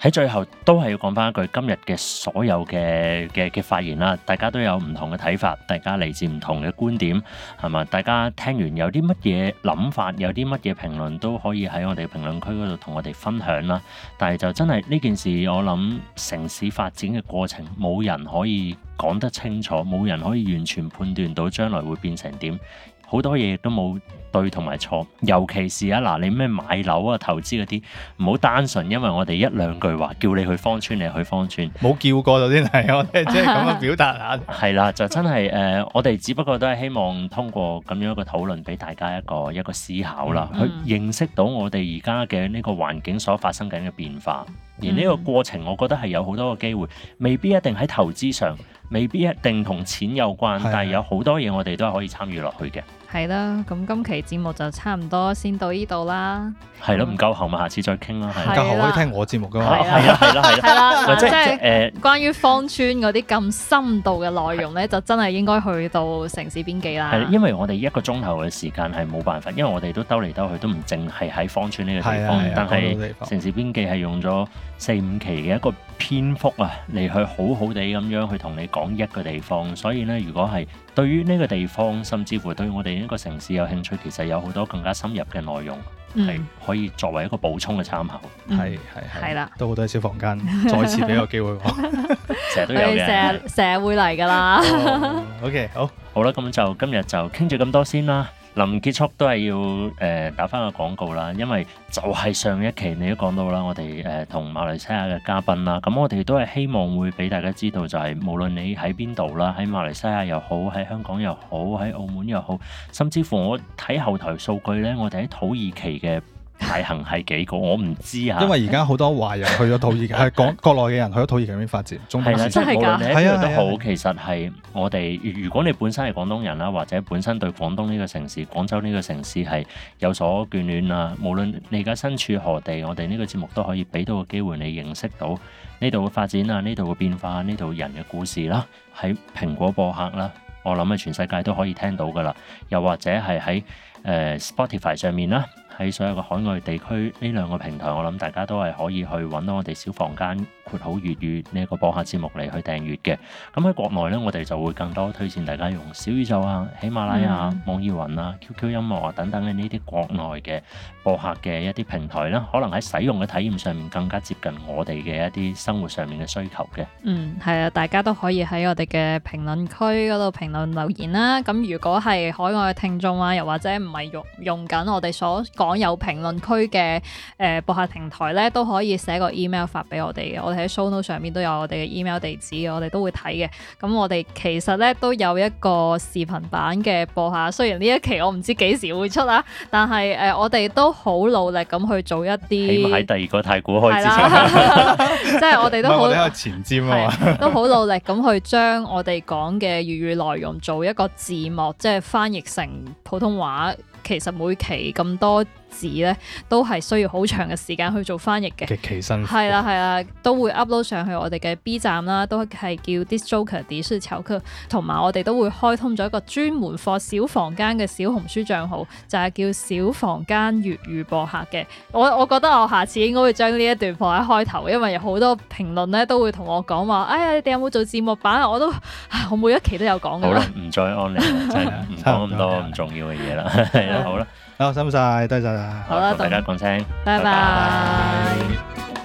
喺最後都係要講翻一句，今日嘅所有嘅嘅嘅發言啦，大家都有唔同嘅睇法，大家嚟自唔同嘅觀點係嘛？大家聽完有啲乜嘢諗法，有啲乜嘢評論都可以喺我哋評論區嗰度同我哋分享啦。但係就真係呢件事，我諗城市發展嘅過程冇人可以講得清楚，冇人可以完全判斷到將來會變成點。好多嘢都冇對同埋錯，尤其是啊嗱，你咩買樓啊投資嗰啲，唔好單純因為我哋一兩句話叫你去芳村，你去芳村冇叫過就先係，我即係咁嘅表達啊。係啦，就真係誒、呃，我哋只不過都係希望通過咁樣一個討論，俾大家一個一個思考啦，mm hmm. 去認識到我哋而家嘅呢個環境所發生緊嘅變化。Mm hmm. 而呢個過程，我覺得係有好多個機會，未必一定喺投資上，未必一定同錢有關，但係有好多嘢我哋都係可以參與落去嘅。係啦，咁今期節目就差唔多先到呢度啦。係咯，唔夠喉咪下次再傾啦。係夠喉可以聽我節目噶嘛？係啊，係啦，係啦。即係誒，關於芳村嗰啲咁深度嘅內容咧，就真係應該去到城市編記啦。係因為我哋一個鐘頭嘅時間係冇辦法，因為我哋都兜嚟兜去都唔淨係喺芳村呢個地方，但係城事邊記係用咗，四五期嘅一個篇幅啊，嚟去好好地咁樣去同你講一個地方，所以呢，如果係對於呢個地方，甚至乎對我哋呢個城市有興趣，其實有好多更加深入嘅內容，係、嗯、可以作為一個補充嘅參考。係係係啦，都好的多小房間，再次俾個機會我，成日 <laughs> <laughs> 都有嘅，成日成日會嚟噶啦。 <laughs> oh, OK，oh. 好好啦，咁就今日就傾住咁多先啦。臨結束都係要誒、呃、打返個廣告啦，因為就係上一期你都講到啦，我哋誒同馬來西亞嘅嘉賓啦，咁我哋都係希望會俾大家知道、就係，就係無論你喺邊度啦，喺馬來西亞又好，喺香港又好，喺澳門又好，甚至乎我睇後台數據呢，我哋喺土耳其嘅排行係幾個？我唔知啊，因為而家好多華人去咗土耳其，係講 <laughs> 國內嘅人去咗土耳其邊發展。係啦， <laughs> 中人真係㗎。係啊，都好。 <laughs> 其實係我哋，如果你本身係廣東人啦，或者本身對廣東呢個城市、廣州呢個城市係有所眷戀啊，無論你而家身處何地，我哋呢個節目都可以俾到個機會你認識到呢度嘅發展啊，呢度嘅變化，呢度人嘅故事啦，喺蘋果播客啦，我諗係全世界都可以聽到噶啦。又或者係喺誒 Spotify 上面啦。喺所有嘅海外地區，呢兩個平台，我諗大家都係可以去搵到我哋小房間。括好粵語呢一個播客節目嚟去訂閱嘅，咁喺國內呢，我哋就會更多推薦大家用小宇宙啊、喜馬拉雅、嗯、網易雲啊、QQ 音樂啊等等嘅呢啲國內嘅播客嘅一啲平台啦，可能喺使用嘅體驗上面更加接近我哋嘅一啲生活上面嘅需求嘅。嗯，係啊，大家都可以喺我哋嘅評論區嗰度評論留言啦。咁如果係海外嘅聽眾啊，又或者唔係用用緊我哋所講有評論區嘅誒、呃、播客平台呢，都可以寫個 email 發俾我哋嘅。喺 show notes 上面都有我哋嘅 email 地址，我哋都會睇嘅。咁我哋其實咧都有一個視頻版嘅播客，雖然呢一期我唔知幾時會出啊，但係誒、呃、我哋都好努力咁去做一啲喺第二個太古開始，即係我哋都好，呢個 <laughs> 前瞻啊， <laughs> 都好努力咁去將我哋講嘅粵語內容做一個字幕， <laughs> 即係翻譯成普通話。其實每期咁多。字咧都係需要好長嘅時間去做翻譯嘅，嘅其身係啦係啦，都會 upload 上去我哋嘅 B 站啦，都係叫 DISC JOKER DISC JOKER，同埋我哋都會開通咗一個專門放小房間嘅小紅書賬號，就係、是、叫小房間粵語播客嘅。我我覺得我下次應該會將呢一段放喺開頭，因為有好多評論咧都會同我講話，哎呀你哋有冇做字幕版啊？我都我每一期都有講嘅。好啦，唔再 on 你啦，唔講咁多唔重要嘅嘢啦，係好啦。嗯 <laughs> <laughs> 好，辛苦曬，多謝曬，好啦，大家講聲，拜拜。